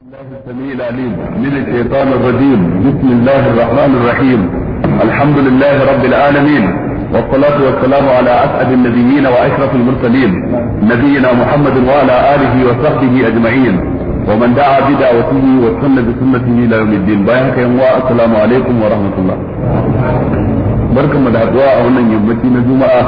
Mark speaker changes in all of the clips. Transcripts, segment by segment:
Speaker 1: الله السميع العليم من الشيطان الرجيم بسم الله الرحمن الرحيم الحمد لله رب العالمين والصلاة والسلام على أسعد النبيين وأشرف المرسلين نبينا محمد وعلى آله وصحبه أجمعين ومن دعا بدعوته وسن بسنته إلى يوم الدين بايعك السلام عليكم ورحمة الله barkanmu da haduwa a wannan yammaci na juma'a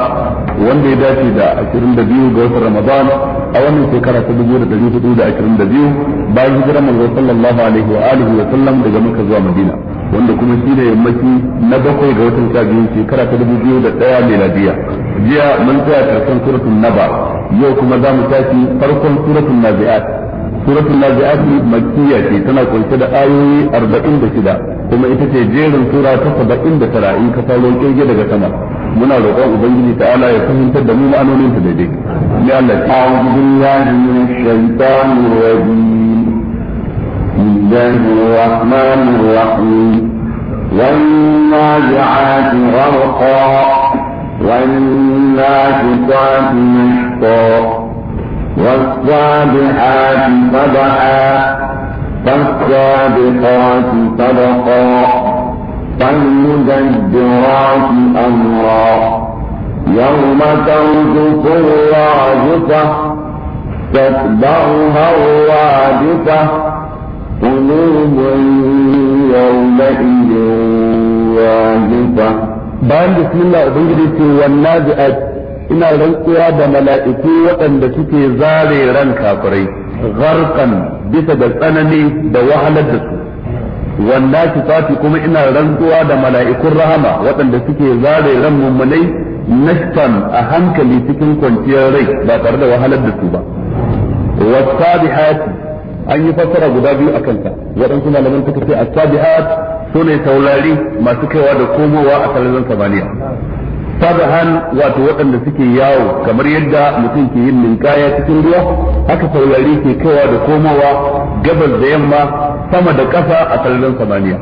Speaker 1: wanda ya dace da 22 ga watan ramadan a wannan shekara ta 1422 bayan hijirar manzo sallallahu alaihi wa alihi wa sallam daga makka zuwa madina wanda kuma shi ne yammaci na bakwai ga watan sha biyu shekara ta 2001 miladiya jiya mun tsaya karshen suratul naba yau kuma za mu tashi farkon suratul nazi'at suratul nazi'ati makkiya ce tana kunshe da ayoyi 46 kuma ita ce jerin sura ta 79 in ka faro kirge daga sama muna roƙon ubangiji ta'ala ya fahimtar da mu ma'anonin ta
Speaker 2: daidai ya Allah ta'awudu billahi minash shaitanir rajim bismillahir rahmanir rahim والصابحات صبحا فالصادقات صدقا فالمدبرات أمرا يوم ترجف الراجفة تتبعها الرادفة قلوب يومئذ واجفة بعد بسم الله أبنجد والنازئة ina rantsuwa da
Speaker 1: mala'iku waɗanda suke zare ran kafirai gharqan bisa da tsanani da wahalar da su ki fati kuma ina rantsuwa da mala'ikun rahama waɗanda suke zare ran mummunai nashtan a hankali cikin kwanciyar rai ba tare da wahalar da su ba wasabihati an yi fassara guda biyu a kanta waɗansu malaman suka ce asabihat sune taurari masu kaiwa da komowa a sararin samaniya fadahan wato waɗanda suke yawo kamar yadda mutum ke yin ninkaya cikin ruwa haka taurari ke kaiwa da komowa gabas da yamma sama da ƙasa a sararin samaniya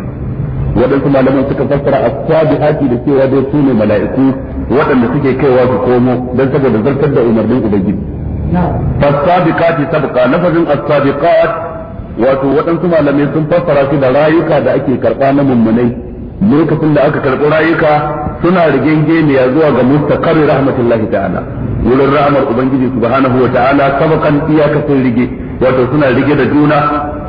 Speaker 1: waɗansu malaman suka fassara as haki da cewa dai su ne mala'iku waɗanda suke kaiwa su komo don saboda zartar da umarnin ubangiji fasabiqati sabqa nafazin as-sabiqat wato waɗansu malamai sun fassara shi da rayuka da ake karɓa na mummunai lokacin da aka karɓi rayuka suna rigengeniya zuwa ga mustaqarri rahmatullahi ta'ala wurin rahmar ubangiji subhanahu wa ta'ala sabakan iyakacin rige wato suna rige da juna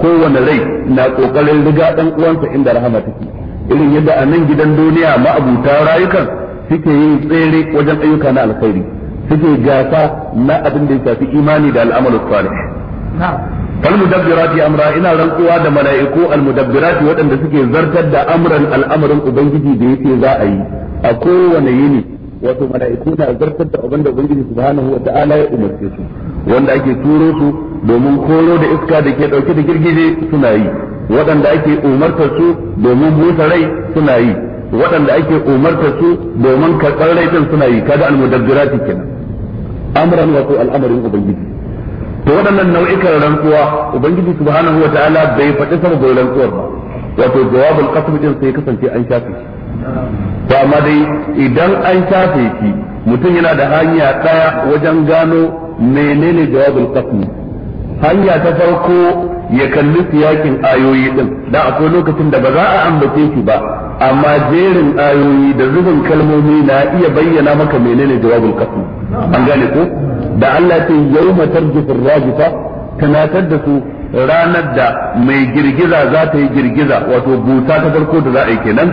Speaker 1: kowane rai na kokarin riga dan uwansa inda rahama take irin yadda a nan gidan duniya ma'abuta rayukan suke yin tsere wajen ayyuka na alkhairi suke gasa na abin da ya shafi imani da al'amalu salih mudabbirati amra ina rantsuwa da mala'iku mudabbirati waɗanda suke zartar da amran al'amarin ubangiji da yake za a yi a kowane yini wato mala'iku na zartar da abin da ubangiji subhanahu wa ta'ala ya umarce su wanda ake turo su domin koro da iska da ke dauke da girgije suna yi waɗanda ake umartar su domin busa rai suna yi waɗanda ake umartar su domin karɓar rai din suna yi kada almudabbirati kenan amran wato al'amarin ubangiji to waɗannan nau'ikan rantsuwa ubangiji subhanahu wa ta'ala bai faɗi sama gurin rantsuwar ba wato jawabul qasm din sai kasance an shafe shi ba amma dai idan an shafe shi mutum yana da hanya ɗaya wajen gano menene jawabul qasmi hanya ta farko ya kalli siyakin ayoyi din da akwai lokacin da ba za a ambace shi ba amma jerin ayoyi da zubin kalmomi na iya bayyana maka menene jawabin qasmi an gane ko da Allah ya ce yawma tarjifu rajifa tunatar da su ranar da mai girgiza za ta yi girgiza wato buta ta farko da za a yi kenan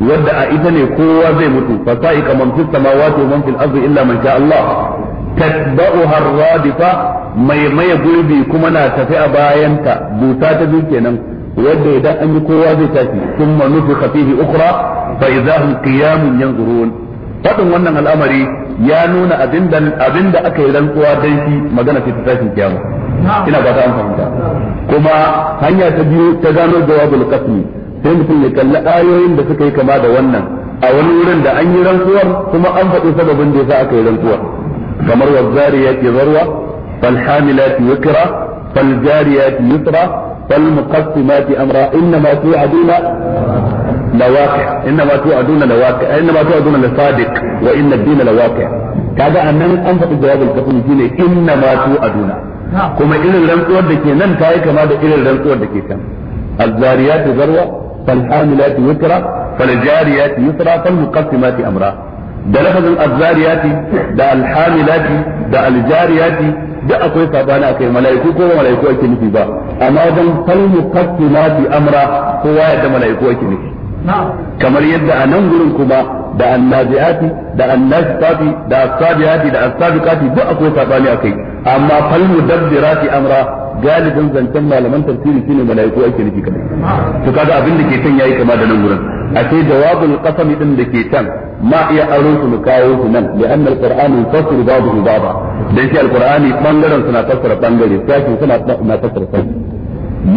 Speaker 1: wadda a ita ne kowa zai mutu fa sa'iqa man fis samawati wa man fil ardi illa man sha Allah tatba'u ar-radifa mai maye gurbi kuma na tafi a ta buta ta biyu kenan wadda idan an yi kowa zai tafi ma nufi fihi ukhra fa idza hum qiyamun yanzurun fadin wannan al'amari ya nuna abinda abinda aka yi rantsuwa dan shi magana ce ta tashin kiyama
Speaker 3: ina ba ta an fahimta
Speaker 1: kuma hanya ta biyu ta gano jawabul qasmi sai mutum ya kalli ayoyin da suka yi kama da wannan a wani wurin da an yi rantsuwar kuma an faɗi sababin da yasa aka yi rantsuwar kamar wazariyati zarwa fal hamilati wikra fal jariyati yusra fal muqassimati amra innama tu'aduna lawaqi innama tu'aduna lawaqi innama tu'aduna lisadiq wa inna ad-dina lawaqi kaga annan an faɗi jawabul kafin shine innama tu'aduna kuma irin rantsuwar da ke nan ta yi kama da irin rantsuwar da ke kan الزاريات ذروة فالحاملات وكرا فالجاريات يسرا فالمقسمات امرا da lafazin azzariyati da alhamilati da aljariyati da akwai sabani akai malaiku ko ba malaiku ake nufi ba amma wajen falmu qassimati amra kowa ya da malaiku ake nufi kamar yadda a nan gurin kuma da annabiyati da annasifati da asabiyati da asabiqati duk akwai sabani akai amma fal mudabbirati amra galibin zancen malaman tafsiri shine malaiku ake nufi kadai
Speaker 3: to kaga abin da ke can
Speaker 1: yayi kama da nan gurin a ce jawabul qasami din da ke can ma iya aro su kawo su nan da annal qur'ani tafsiru babu baba dan shi alqur'ani bangaren suna tafsira bangare sai suna na tafsira sakin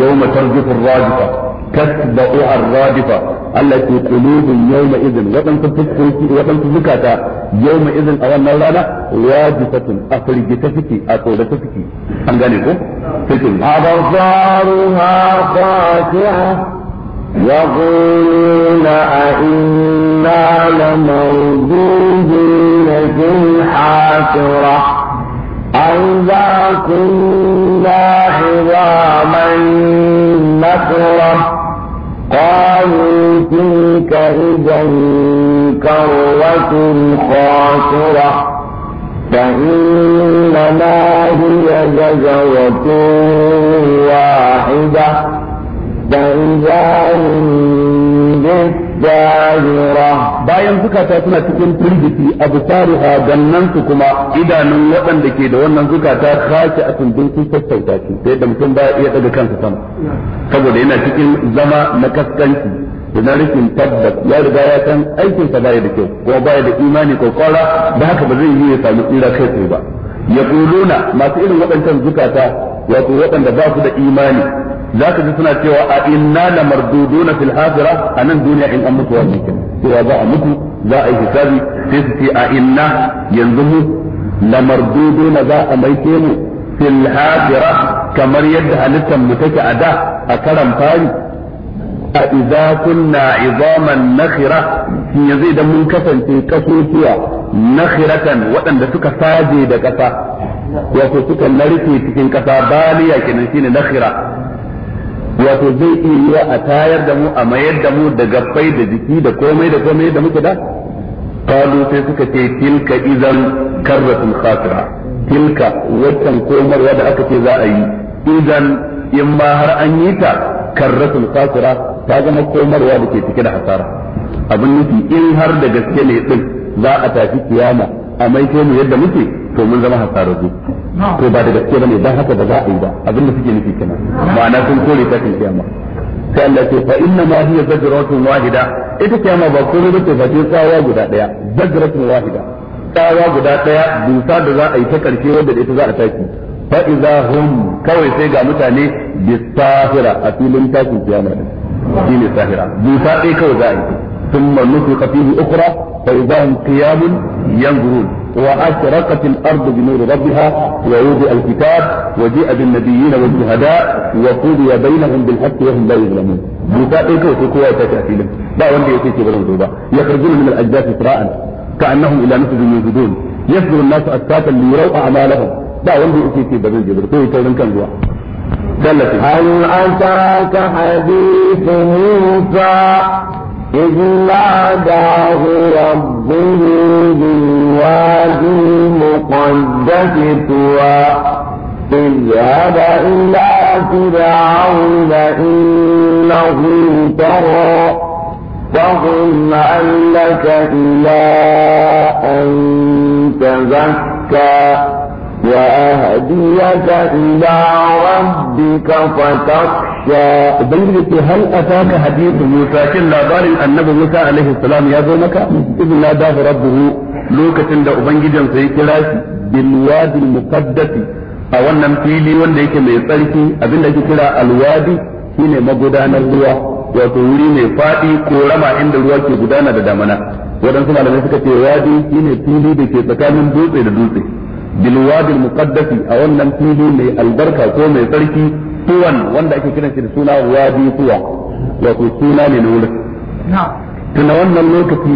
Speaker 1: yawma tarjifu rajfa تتبعها الرادفة التي قلوب يومئذ وتنفذ زكاة يومئذ أو النورانا واجفة أفرجتك أطولتك أنجانيكو تكلم أبصارها خاشعة
Speaker 2: يقولون أئنا لموجودين في الحافرة أئذا كنا عظاما نكرة قالوا تلك إذا كرة خاسرة فإنما هي زجرة واحدة فإذا هم zahira bayan zukata suna cikin firgiti absaruha gannan su kuma idanun waɗanda ke da wannan
Speaker 1: zukata kashi a tundun sun sassauta shi sai da mutum ba iya daga kansa sama
Speaker 3: saboda yana cikin
Speaker 1: zama na kaskanci da na rikin tabbas ya riga ya san aikin sa baya da kyau kuma baya da imani ko kwara da haka ba zai yi ya sami tsira kai tsaye ba yaquluna masu irin waɗancan zukata wato waɗanda ba su da imani za ka ji suna cewa a inna la marduduna fil hazira a nan duniya in an mutu wani cewa za a mutu za a yi hisabi sai su ce a inna yanzu mu la marduduna za a maike mu fil hazira kamar yadda halittar mu take a da a karan fari a idza kunna izaman nakhira shin yanzu idan mun kasance kasusuwa nakhiratan waɗanda suka saje da ƙasa wato suka narke cikin ƙasa baliya kenan shine nakhira wato zai iya yi a tayar da mu a mayar da mu da gaffai da jiki da komai da komai da muke da kalu sai suka ce tilka idan karratun khasira tilka wannan komarwa da aka ce za a yi idan in ma har an yi ta karratun khasira ta zama komarwa da ke cike da hasara abin nufi in har da gaske ne din za a tafi kiyama a mai mu yadda muke to mun zama hasararru to ba da gaske bane dan haka ba za a yi ba abin da suke nufi kenan ma'ana sun kore ta kan kiyama sai Allah ce fa inna ma hiya zajratun wahida ita kiyama ba kuma bace ba ce tsawa guda daya zajratun wahida tsawa guda daya dusa da za a yi ta karshe wanda da ita za a taki fa idza hum kawai sai ga mutane bisahira a filin takin kiyama din shine sahira dusa dai kawai za a yi ثم نفق فيه أخرى فإذا هم قيام ينظرون وأشرقت الأرض بنور ربها ووضع الكتاب وجيء بالنبيين والشهداء وقضي بينهم بالحق وهم لا يظلمون موسى إيكو وتكوى تكافيلا لا ولي يتيكي ولا دوبا يخرجون من الأجداث إسراء كأنهم إلى نسج يوجدون يسجد الناس أسفاتا ليروا أعمالهم لا ولي يتيكي بلهم جبر كوي كوي كان جوا هل أتاك
Speaker 2: حديث موسى إذ ناداه ربه بالواد المقدس طوى اذهب إلى فرعون إنه ترى فقل هل لك إلى أن تزكى وأهديك إلى ربك فتخشى wa ubangiji ce hal ataka hadithu Musa kin labarin annabi Musa alaihi ya zo
Speaker 1: maka idan la da rabbuhu lokacin da ubangijin sai kira shi bil wadi muqaddasi a wannan fili wanda yake mai tsarki abinda ake kira alwadi shine magudanar ruwa wato wuri mai fadi ko rama inda ruwa ke gudana da damana wadansu malamai suka ce wadi shine fili da ke tsakanin dutse da dutse bil wadi muqaddasi a wannan fili mai albarka ko mai tsarki suwan wanda ake kiran shi da suna wadi tuwa wato suna ne na wurin tuna wannan lokaci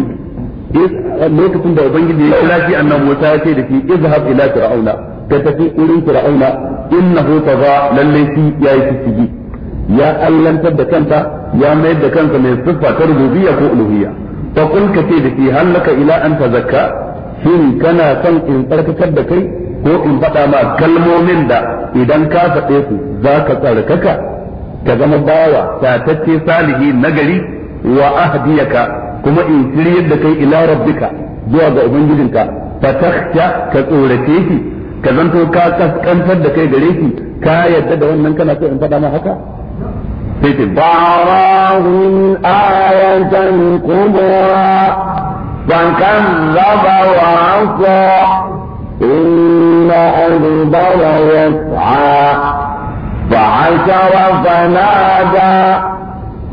Speaker 1: lokacin da ubangiji ya kira shi annabi Musa ya ce da shi izhab ila fir'auna ka tafi wurin fir'auna innahu taza lalle shi yayi fisigi ya allantar da kanta ya mayar da kansa mai siffa ta rububiyya ko uluhiyya fa kul ka ce da shi hallaka ila an tazakka shin kana son in tsarkakar da kai ko in faɗa ma kalmomin da idan ka faɗe su za ka tsarkaka ka zama bawa tatacce salihi nagari wa ahdiyaka kuma in shiryar da kai ila rabbika zuwa ga ubangijinka fa ka tsorace shi ka zanto ka kaskantar da kai gare shi ka yadda da wannan kana so in faɗa
Speaker 3: ma haka
Speaker 2: فأراهم آية كبرى
Speaker 3: فكذب وعصى
Speaker 2: أدبر يسعى فعشر فنادى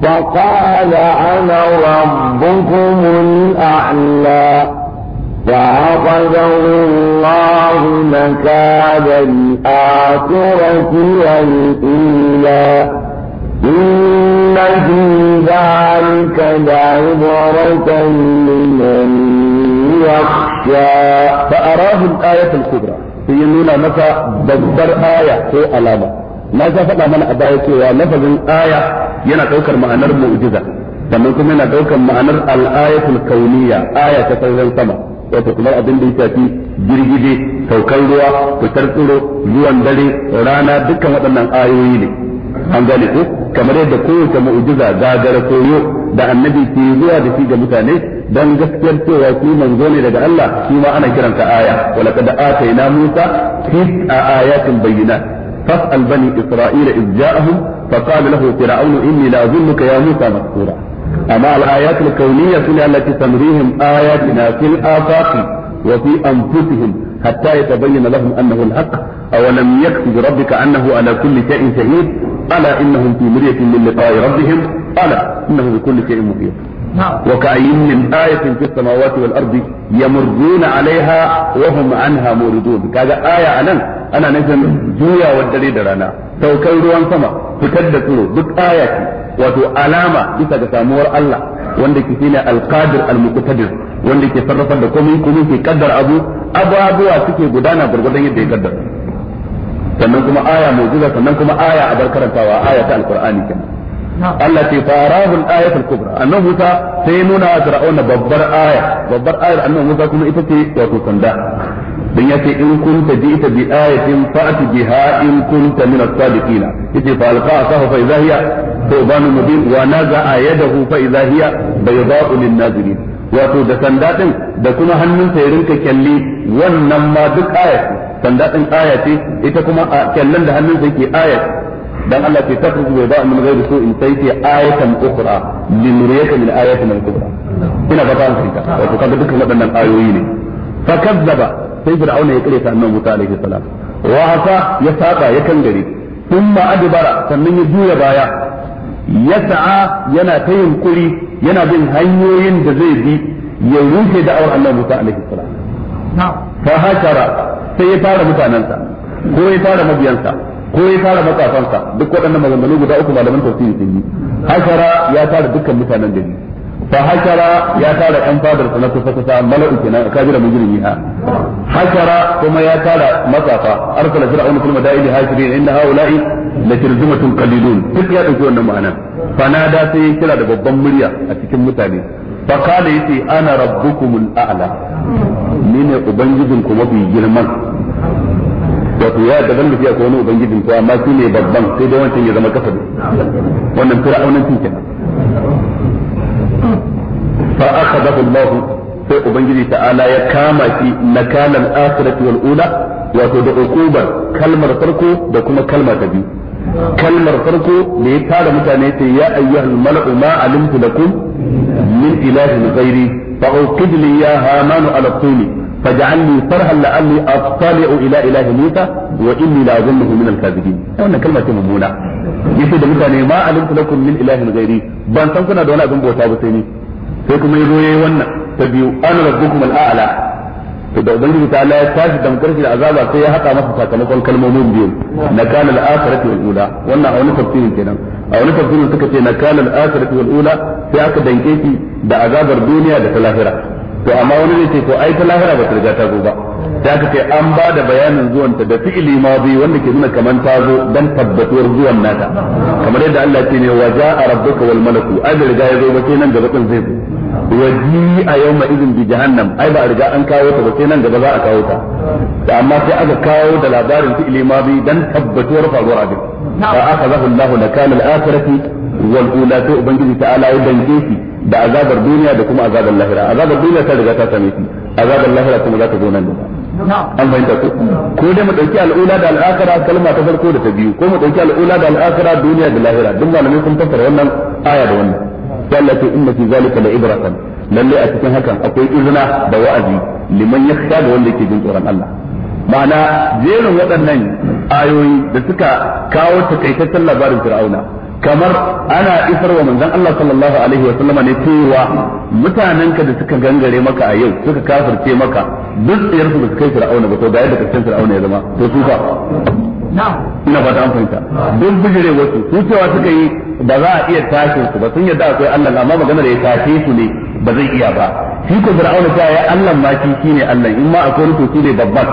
Speaker 2: فقال أنا ربكم الأعلى فأخذه الله مكان الآخرة والأولى إن في ذلك لعبرة لمن يخشى فأراه الآية الكبرى sai
Speaker 1: ya nuna masa babbar aya ko alama na ga faɗa mana a baya cewa lafazin aya yana ɗaukar ma'anar mu'jiza sannan kuma yana ɗaukar ma'anar al'ayatul kauniyya aya ta sauran sama wato kuma abin da ya shafi girgije saukar ruwa fitar tsiro zuwan dare rana dukkan waɗannan ayoyi ne an gane ko kamar yadda kowace mu'jiza gagara koyo da annabi ke zuwa da shi ga mutane dan gaskiyar cewa shi manzo ne daga Allah shi ma ana kiranta aya wala kad atayna Musa tis'a ayatin bayyinat fas'al bani isra'ila iz ja'ahum فقال له فرعون إني لأظنك يا موسى مسكورا أما الآيات الكونية التي تمريهم آياتنا في الآفاق وفي أنفسهم حتى يتبين لهم أنه الحق أولم يكفي بربك أنه على كل شيء شهيد ألا إنهم في مرية من لقاء ربهم ألا إنه بكل شيء مخيف وكأين من آية في السماوات والأرض يمرون عليها وهم عنها موردون كذا آية أنا أنا نفهم جويا والدليل رانا سوكر ruwan sama fitar da tsoro duk aya ce wato alama bisa ga samuwar Allah wanda ke shine alqadir almuqtadir wanda ke sarrafa da komai komai ke kaddar abu ababuwa suke gudana gurgurdan yadda ya kaddara sanan kuma aya mu'jiza sannan kuma aya a bar karantawa aya ta alqur'ani kenan Allah ce farahu al-ayatul kubra annabi Musa sai nuna wa fir'auna babbar aya babbar ayar annabi Musa kuma ita ce wato sanda dan yace in kunta ji'ta bi ayatin fa'ti biha in kunta min as-sadiqin yace fa alqa sahu fa idha hiya tawbanu mubin wa naza'a yadahu fa idha hiya bayda'u lin-nazirin wato da sanda din da kuma hannunsa ya rinka kyalli wannan ma duk aya sanda din aya ce ita kuma kyallan da hannunsa yake aya dan Allah ke takhruju bayda min ghairi sai ce ayatan ukhra min ayatin al-kubra ina ba ta hanka wato kaga dukkan waɗannan ayoyi ne fa kazzaba sai fir'auna ya kare ta annabi Musa alaihi salam wa ya saba ya kangare thumma adbara sannan ya juya baya yas'a yana ta yunkuri yana bin hanyoyin da zai bi ya rufe da'awar annabi Musa alaihi salam fa hashara sai ya tara mutanansa ko ya fara mabiyansa ko ya tara matsafansa duk waɗannan maganganu guda uku malaman tafsiri sun yi hashara ya tara dukkan mutanen gari fa hashara ya tara ɗan fadar sa na kusa kusa mala'u kenan ka jira mujrimi ha
Speaker 3: hashara kuma ya
Speaker 1: tara matsafa arsala fir'auna kulma madaini hashirin inna haula'i la tirjumatun qalilun duk ya dauki wannan ma'ana fanada sai ya kira da babban murya a cikin mutane fa kala yace ana rabbukumul a'la ni ne ubangijinku mafi girman wato ya da zan tafiya ko wani ubangijin ko amma shi ne babban sai dai wancan ya zama kafa wannan fir'aunan cin kenan
Speaker 3: fa akhadahu
Speaker 1: Allah sai ubangiji ta'ala ya kama shi nakalan akhirati wal ula wato da ukubar kalmar farko da kuma kalma ta biyu kalmar farko da ya tara mutane ce ya ayyuhal mala'u ma alimtu lakum min ilahin ghairi fa uqid li ya hamanu ala tuni فجعلني فرحا لعلي اطلع الى اله موسى واني لاظنه من الكاذبين wannan kalma ce mummuna yace da mutane ma alimtu min ilahin ban san kuna da wani abin bauta ba sai ni sai kuma yazo yayi wannan ta biyu ana rabbukum al'ala to da ubangiji ta Allah ya tashi da mutarshi da azaba sai ya haka masa sakamakon kalmomin biyu na kana al-akhirati wal ula wannan a wani kenan a wani suka ce na kana ula sai aka danke shi da azabar duniya da ta lahira to amma wani zai ce to ai ta lahira ba ta riga ta zo ba da ka ce an ba da bayanin zuwanta da fi'ili madi wanda ke nuna kaman ta zo dan tabbatuwar zuwan nata kamar yadda Allah ce ne wa ja'a rabbuka wal malaku ai da riga ya zo ba sai nan gaba din zai zo wa a yawma idin bi jahannam ai ba riga an kawo ta ba sai nan gaba za a kawo ta amma sai aka kawo da labarin fi'ili madi dan tabbatuwar faruwar abin fa akhadahu Allahu nakal al-akhirati wal ula to ubangiji ta'ala ya dange shi da azabar duniya da kuma azabar lahira azabar duniya ta riga ta same shi azabar lahira kuma za ta zo nan an fahimta ko ko dai mu dauki al'ula da al'akara kalma ta farko da ta biyu ko mu dauki al'ula da al'akara duniya da lahira duk malamai sun fassara wannan aya da wannan sai Allah ce inna fi zalika la ibratan lalle a cikin hakan akwai izina da wa'azi liman yakhsha da wanda yake jin tsoron Allah ma'ana jerin waɗannan ayoyi da suka kawo takaitaccen labarin fir'auna kamar ana isarwa manzon Allah sallallahu alaihi wa sallama ne cewa ka da suka gangare maka a yau suka kafirce maka duk tsayar su suka kai fir'auna ba to ga yadda karshen fir'auna ya zama to su fa ina ba ta amfanta duk bijire wasu su cewa suka yi ba za a iya tashi su ba sun yadda akwai Allah amma magana da ya tashi su ne ba zai iya ba shi ko fir'auna ta ya Allah ma shi ne Allah in ma akwai su ne babban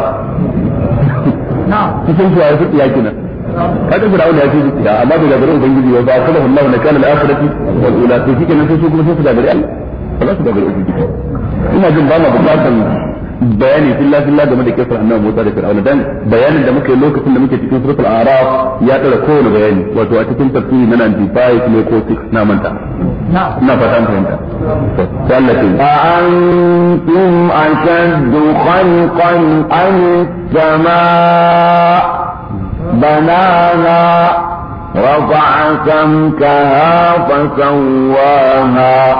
Speaker 1: na'am cikin su ya fi iya kenan kada fir'aun ya ce ya amma da gaban ubangiji ba kada Allah na kana al-akhirati wal ula to kike nan sai su kuma sai su gabari Allah ba za su gabari ubangiji
Speaker 3: ina jin ba ma bukatan
Speaker 1: bayani filla filla game da kisar annabi Musa da Fir'aun dan bayanin da muke lokacin da muke cikin suratul a'raf ya tsara kowane bayani wato a cikin tafsiri na 95 ne ko 6 na manta
Speaker 2: na fatan fahimta kan du khalqan an السماء بناها رفع سمكها فسواها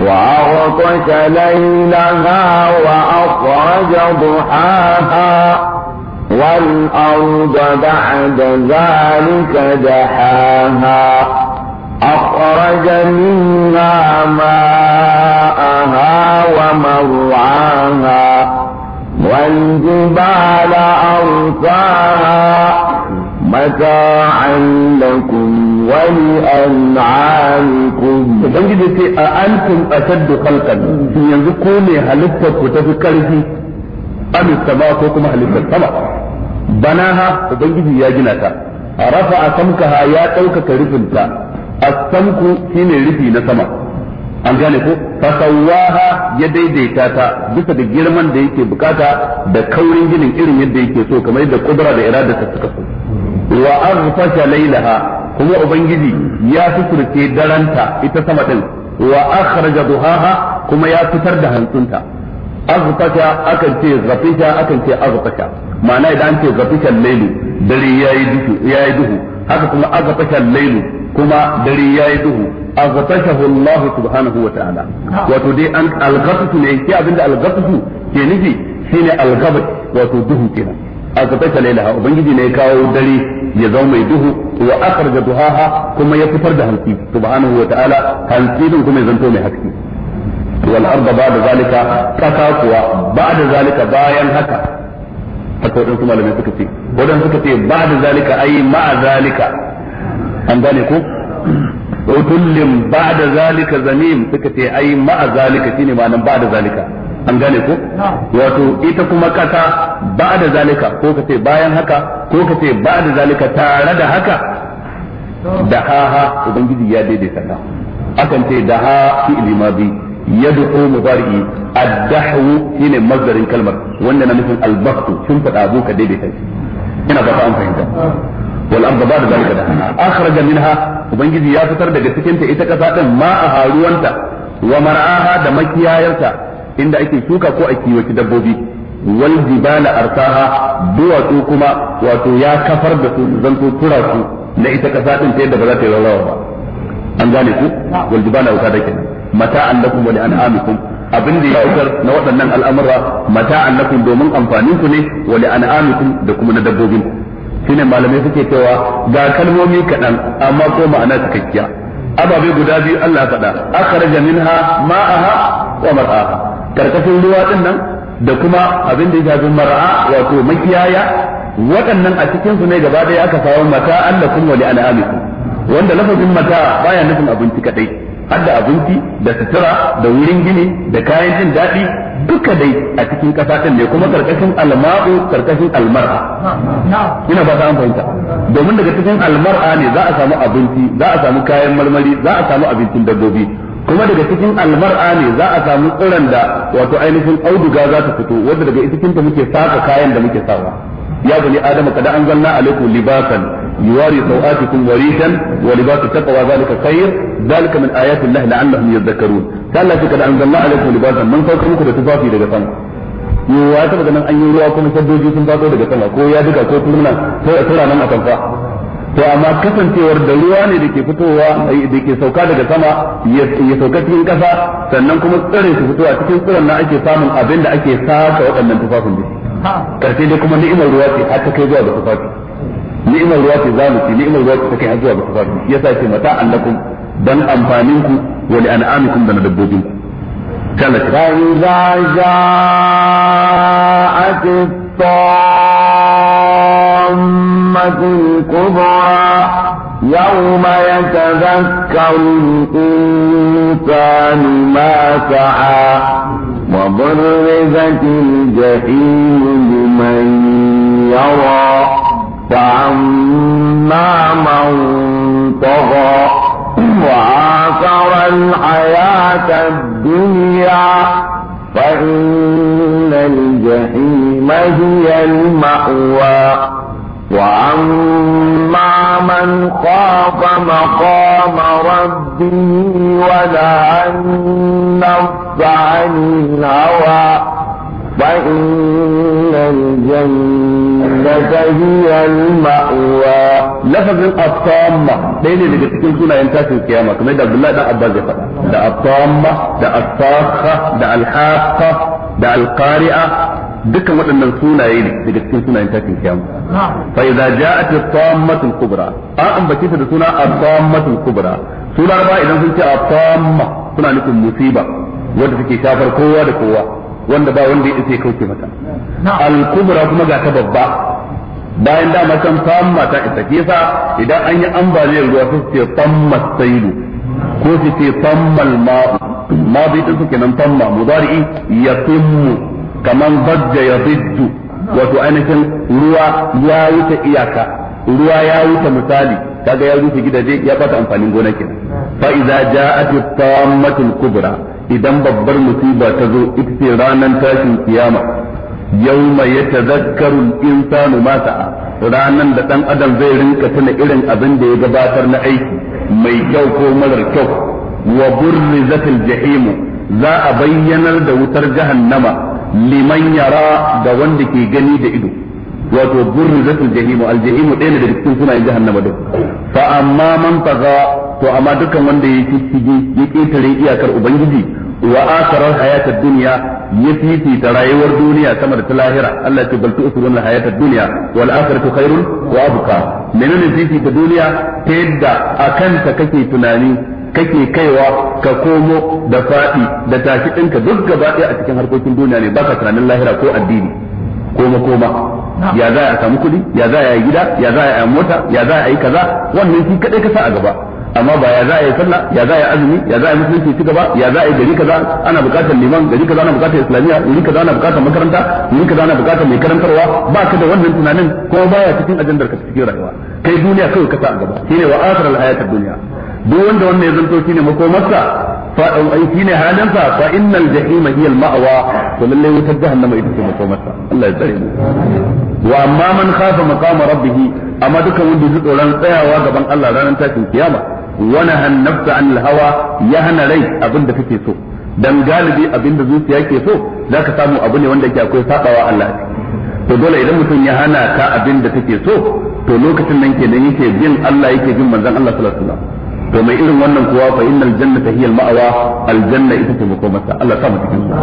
Speaker 2: وعرفت ليلها وأخرج ضحاها والأرض بعد ذلك دحاها أخرج منها ماءها ومرعاها والجبال أرساها متاعا لكم ولأنعامكم ubangiji sai a antum ashaddu khalqan
Speaker 1: yanzu ko ne halittar ku tafi karfi am sama ko kuma halittar sama banaha ubangiji ya gina ta rafa'a samkaha ya ɗaukaka rufinta as-samku shine rufi na sama an gane ko fasawaha ya daidaita ta bisa da girman da yake bukata da kaurin ginin irin yadda yake so kamar yadda kudura da irada ta suka so wa aghfasha laylaha kuma ubangiji ya suturce daranta ita sama din wa akhraja duhaha kuma ya fitar da hantsunta aghfasha akan ce ghafisha akan ce aghfasha ma'ana idan ce ghafisha laylu dare yayi duhu yayi duhu haka kuma aghfasha laylu kuma dare yayi duhu aghfashahu Allah subhanahu wa ta'ala wato dai an al ne shi abinda al ke nufi shine al wato duhu kenan asbata lailaha ubangiji ne ya kawo dare ya zama mai duhu wa akhraja duhaha kuma ya fitar da hantsi subhanahu wa ta'ala hantsi din kuma ya zanto mai haske wal arda ba'da zalika kasa kuwa ba'da zalika bayan haka haka wadansu malamai suka ce wadansu suka ce ba'da zalika ai ma'a zalika an gane ko utullin ba'da zalika zanim suka ce ai ma'a zalika shine ma'anan ba'da zalika an gane ko wato ita kuma kasa ba da zalika ko ka ce bayan haka ko ka ce ba da zalika tare da haka da haha ubangiji ya daidaita ta akan ce da ha fi bi yad'u mudari ad addahu shine mazdarin kalmar wanda na nufin albaktu sun fada zo ka daidaita shi ina ba an fahimta wal arda ba da zalika da akhraja minha ubangiji ya fitar daga cikin ta ita kasa din ma'a haruwanta wa mar'aha da makiyayarta inda ake shuka ko a kiwaci dabbobi wal jibala arsaha duwatsu kuma wato ya kafar da su zanto tura su na ita kasa din ta yadda ba za ta yi rawa ba an gane ku wal jibala wuta da kenan mata lakum wa li'anamikum abin da ya fitar na waɗannan al'amura mata lakum domin amfanin ku ne wa li'anamikum da kuma na dabbobin ku shine malamai suke cewa ga kalmomi kaɗan amma ko ma'ana cikakkiya ababe guda biyu Allah faɗa akhraja minha ma'aha wa mat'aha karkashin ruwa din nan da kuma abin da ya shafi mar'a wato makiyaya waɗannan a cikin su ne gaba ɗaya aka samu mata allakum wa li'anamikum wanda lafazin mata baya nufin abinci kadai har abinci da sutura da wurin gini da kayan jin daɗi duka dai a cikin ƙasa ɗin ne kuma karkashin almaru karkashin almar'a ina ba ta an fahimta domin daga cikin almar'a ne za a samu abinci za a samu kayan marmari za a samu abincin dabbobi kuma daga cikin almar'a ne za a samu tsiran da wato ainihin auduga za ta fito wanda daga cikin ta muke saka kayan da muke sawa ya bani adama kada an zanna alaikum libasan yuwari sawatikum warisan wa libasu taqwa zalika khair zalika min ayati llahi la'allahum yadhakkarun sai Allah ya kada an zanna alaikum libasan mun sauka muku da tufafi daga sama yiwuwa ta maganin an yi ruwa kuma sabbobi sun fado daga sama ko ya duka ko kuma nan sai a tura nan a kanfa to amma kasancewar da ruwa ne da ke fitowa da ke sauka daga sama ya sauka cikin kasa sannan kuma tsirin su fitowa cikin tsirin na ake samun abin da ake saka waɗannan tufafin da karshe dai kuma ni'imar ruwa ce har ta kai zuwa ga tufafi ni'imar ruwa ce zamu ci ni'imar ruwa ce ta kai har zuwa ga tufafi yasa ce mata annakum dan amfanin ku wa li an'amikum da na dabbobin ku
Speaker 2: فإذا جاءت الطاقة الكبرى يوم يتذكر الإنسان ما سعى وبرزت الجحيم لمن يرى فأما من طغى
Speaker 3: وآثر الحياة
Speaker 2: الدنيا فإن الجحيم هي المأوى وأما من خاف مقام ربه أن نفس عن الهوى فإن الجنة هي المأوى لفظ الطامة بين اللي بتقول كنا
Speaker 1: ينتهي القيامة كما يدى الله ده أبا زفر ده الطامة ده الطاخة ده الحاقة ده القارئة dukkan waɗannan sunaye ne daga cikin sunayen takin kiyama
Speaker 3: fa idza ja'at
Speaker 1: at-tammatul kubra an ambace ta da suna at-tammatul kubra su idan sun ce at-tamma suna nufin musiba wanda take shafar kowa da kowa wanda ba wanda ya sai kauce mata al-kubra kuma ga ta babba bayan da matan tamma ta isa kisa idan an yi ambaliyar ruwa sai ce tamma sailu ko su ce tammal ma'u ma bai din su kenan tamma mudari'i yatimmu kaman badda ya biddu wato ainihin ruwa ya wuce iyaka ruwa ya wuce misali kaga ya rufe gidaje ya bata amfanin gona kenan fa idza ja'at kubra idan babbar musiba ta zo ita ce ranar tashin kiyama yawma yatadhakkaru al-insanu ma sa'a ranan da dan adam zai rinka tuna irin abin da ya gabatar na aiki mai kyau ko marar kyau wa burrizatil jahim za a bayyanar da wutar jahannama liman yara da wanda ke gani da ido wato burrizatul jahimu aljahimu ɗaya ne daga cikin sunayen jahannama duk fa amma man faga to amma dukkan wanda ya kikkige ya ketare iyakar ubangiji wa akarar hayatar duniya ya fifita rayuwar duniya sama da ta lahira Allah ya ce bal tu'sirun hayatar duniya wal akhiratu khairun wa abqa menene fifita duniya ta yadda akan ta kake tunani kake kaiwa ka komo da faɗi da tashi ɗinka duk gaba ɗaya a cikin harkokin duniya ne baka tunanin lahira ko addini koma koma ya za a samu kuɗi ya za a yi gida ya za a yi mota ya za a yi kaza wannan shi kaɗai ka sa a gaba amma ba ya za a yi sallah ya za a yi azumi ya za a yi musulunci ci gaba ya za a yi gari kaza ana buƙatar liman gari kaza ana buƙatar islamiyya gari kaza ana buƙatar makaranta gari kaza ana buƙatar mai karantarwa ba ka da wannan tunanin kuma baya cikin ajandar ka cikin rayuwa kai duniya kawai ka sa a gaba shine wa akhir al hayat duk wanda wannan ya zanto shine makomarsa fa ai shine halinsa fa innal jahima hiya al ma'wa to lalle wutar jahannama ita ce makomarsa Allah ya tsare mu wa amma man khafa maqama rabbih amma duka wanda ya tsoron tsayawa gaban Allah ranar tashin kiyama wa nahan nafsa anil hawa ya hana rai abinda kake so dan galibi abinda zuciya ke so zaka samu abu ne wanda yake akwai sabawa Allah to dole idan mutum ya hana ka abinda kake so to lokacin nan kenan yake bin Allah yake bin manzon Allah sallallahu alaihi wasallam to mai irin wannan kuwa fa innal jannata hiya al-ma'wa al-janna ita ce makomarta Allah ta mutu kansa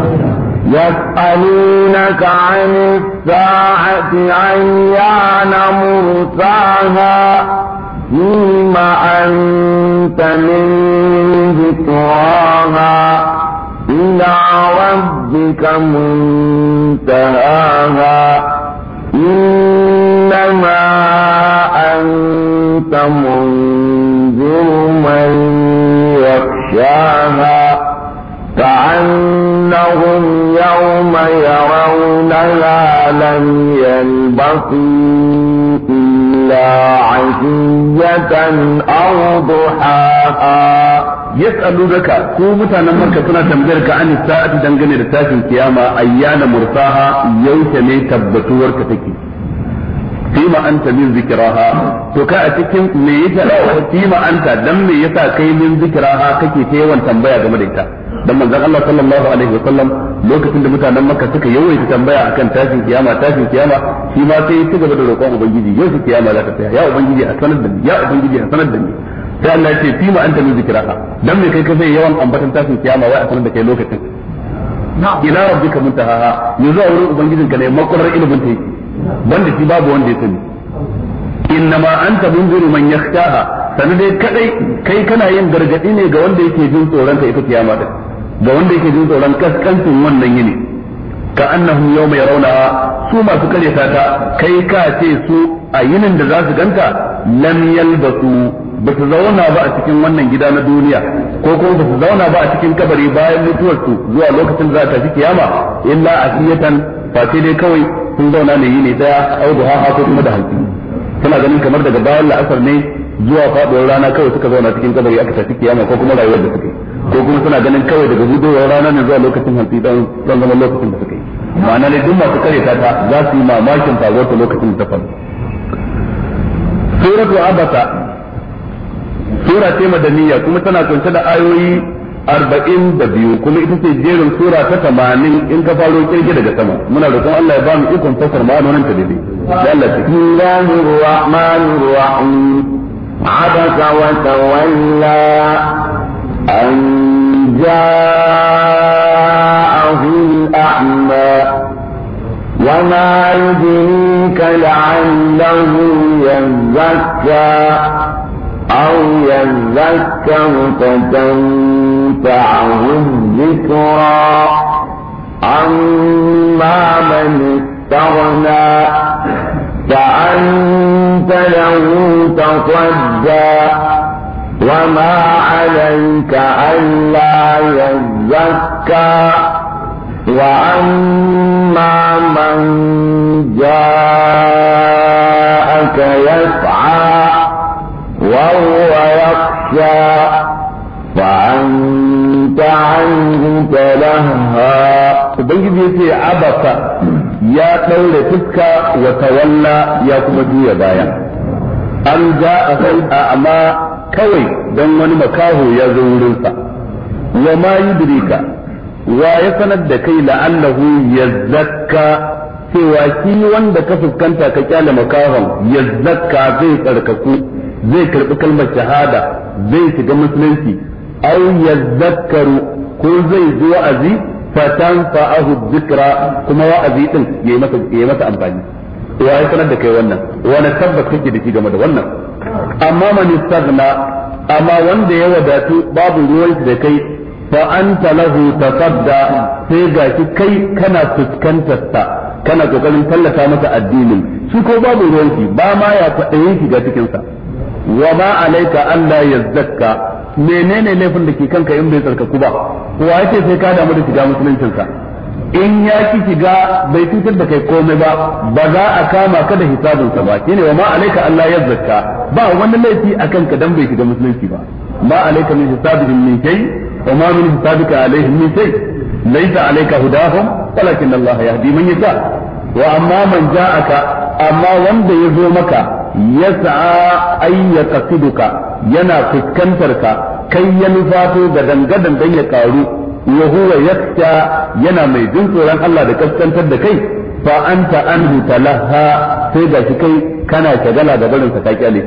Speaker 2: yas'alunaka an sa'ati ayyana mursaha mimma anta min dhikraha ila rabbika muntahaha إنما أنت منتهى تنذر من يخشاها كأنهم يوم يرونها لم يلبثوا إلا عشية أو ضحاها yas'alunaka ko mutanen Makka suna tambayar ka an sa'ati dangane da
Speaker 1: tashin kiyama ayyana mursaha yaushe ne tabbatuwar ka take fima anta min zikiraha to ka a cikin me yake fima anta dan me yasa kai min zikiraha kake ta yawan tambaya game da ita dan manzon Allah sallallahu alaihi wasallam lokacin da mutanen Makka suka yawaita tambaya akan tashin kiyama tashin kiyama shi ma sai ya ci gaba da roƙon ubangiji yau shi kiyama za ta tsaya ya ubangiji a sanar da ni ya ubangiji a sanar da ni sai Allah ya ce fima anta min zikiraha dan me kai ka sai yawan ambatan tashin kiyama wai a sanar da kai lokacin ila rabbika muntahaha yanzu a wurin ubangijinka ne makwarar ilimin ta yake banda shi babu wanda ya sani innama anta munziru man yakhshaha sanin dai kadai kai kana yin gargadi ne ga wanda yake jin tsoron ka ita kiyama da ga wanda yake jin tsoron kaskancin wannan yini ka annahum yawma yarawna su masu kare ta kai ka ce su a yinin da za su ganta lam yalbasu ba su zauna ba a cikin wannan gida na duniya ko kuma ba su zauna ba a cikin kabari bayan mutuwarsu zuwa lokacin da za ta fi kiyama illa asiyatan ba sai dai kawai sun zauna ne yini daya au da ha ko kuma da hanci kana ganin kamar daga bayan la'asar ne zuwa faduwar rana kawai suka zauna cikin kabari aka tafi kiyama ko kuma rayuwar da suke ko kuma suna ganin kawai daga zuwa rana ne zuwa lokacin hanci dan dan zaman lokacin da suke ma'ana ne duk masu kare ta za su yi mamakin faruwar ta lokacin da ta faru suratu abata sura ce madaniya kuma tana kunshe da ayoyi arba'in da biyu kuma ita ce jerin sura ta tamanin in ka faro kirki daga sama muna roƙon Allah ya ba mu ikon fasar ma nan ta dade
Speaker 3: ya Allah ta
Speaker 2: Bismillahir Rahmanir Rahim Abasa wa tawalla an ja'ahu al-a'ma وما يدريك لعله يزكى أو يذكر فتنفعه الذكرى أما من استغنى فأنت له تصدى وما عليك ألا يزكى وأما من جاءك يسعى يشاء فأنت عنه تلهى ya ce abasa ya ɗaure fuska wa tawalla
Speaker 1: ya kuma juya baya an ga a sai a amma kawai don wani makaho ya zo wurinsa wa ma yudrika wa ya sanar da kai la'allahu yazakka cewa shi wanda ka fuskanta ka kyale makahon yazakka zai tsarkaku zai karbi kalmar shahada zai shiga musulunci aw yazakkaru ko zai zo wa'azi ahu dhikra kuma wa'azi din yayi masa yayi masa amfani wa ya sanar da kai wannan wani tabbata kake da shi game da wannan amma man istaghna amma wanda ya wadatu babu ruwan da kai fa anta lahu tasadda sai ga shi kai kana fuskantar ta kana kokarin tallata masa addinin su ko babu ruwan ba ma ya faɗa shiga cikin sa wa ma alayka alla yazzakka menene laifin da ke kanka in bai tsarkaku ba wa yake sai ka mu da shiga musuluncin ka in ya ki shiga bai cutar da kai komai ba ba za a kama ka da hisabin sa ba kine wa ma alayka alla yazzakka ba wani laifi akan ka dan bai shiga musulunci ba ma alayka min hisabihim min kai wa ma min hisabika alaihim min kai laysa alayka hudahum walakin Allah yahdi man yasha wa amma man ja'aka amma wanda ya zo maka yas'a ay yaqsiduka yana fuskantar ka kai ya nufato da dangadan dan ya karu wa huwa yakta yana mai jin tsoron Allah da kaskantar da kai fa anta anhu talaha sai da kai kana shagala da barin sa ka kyale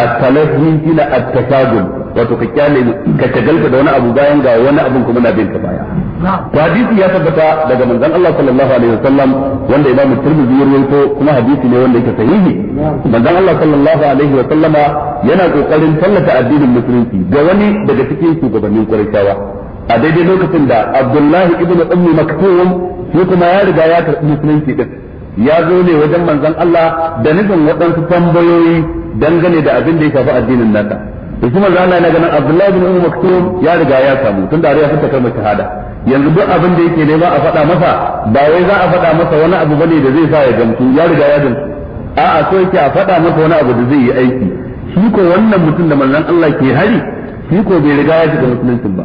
Speaker 1: at-talahi shine at-tashagul wato ka kyale ka shagalta da wani abu bayan ga wani abun kuma na bin ka baya to hadisi ya tabbata daga manzon Allah sallallahu alaihi wasallam wanda Imam Tirmidhi ya rawaito kuma hadisi ne wanda yake sahihi manzon Allah sallallahu alaihi wasallam yana kokarin tallata addinin musulunci ga wani daga cikin shugabannin Qurayshawa a daidai lokacin da Abdullahi ibn Ummi Maktum shi kuma ya riga ya karɓi musulunci din ya zo ne wajen manzon Allah da nufin waɗansu tambayoyi dangane da abin da ya shafi addinin nasa yanzu manzon Allah yana ganin Abdullahi bin Umar Maktum ya riga ya samu tun da ya fita kalmar shahada yanzu duk abin da yake nema a faɗa masa ba wai za a faɗa masa wani abu bane da zai sa ya gamsu ya riga ya gamsu a'a so yake a faɗa masa wani abu da zai yi aiki shi ko wannan mutum da manzon Allah ke hari shi ko bai riga ya shiga musulunci ba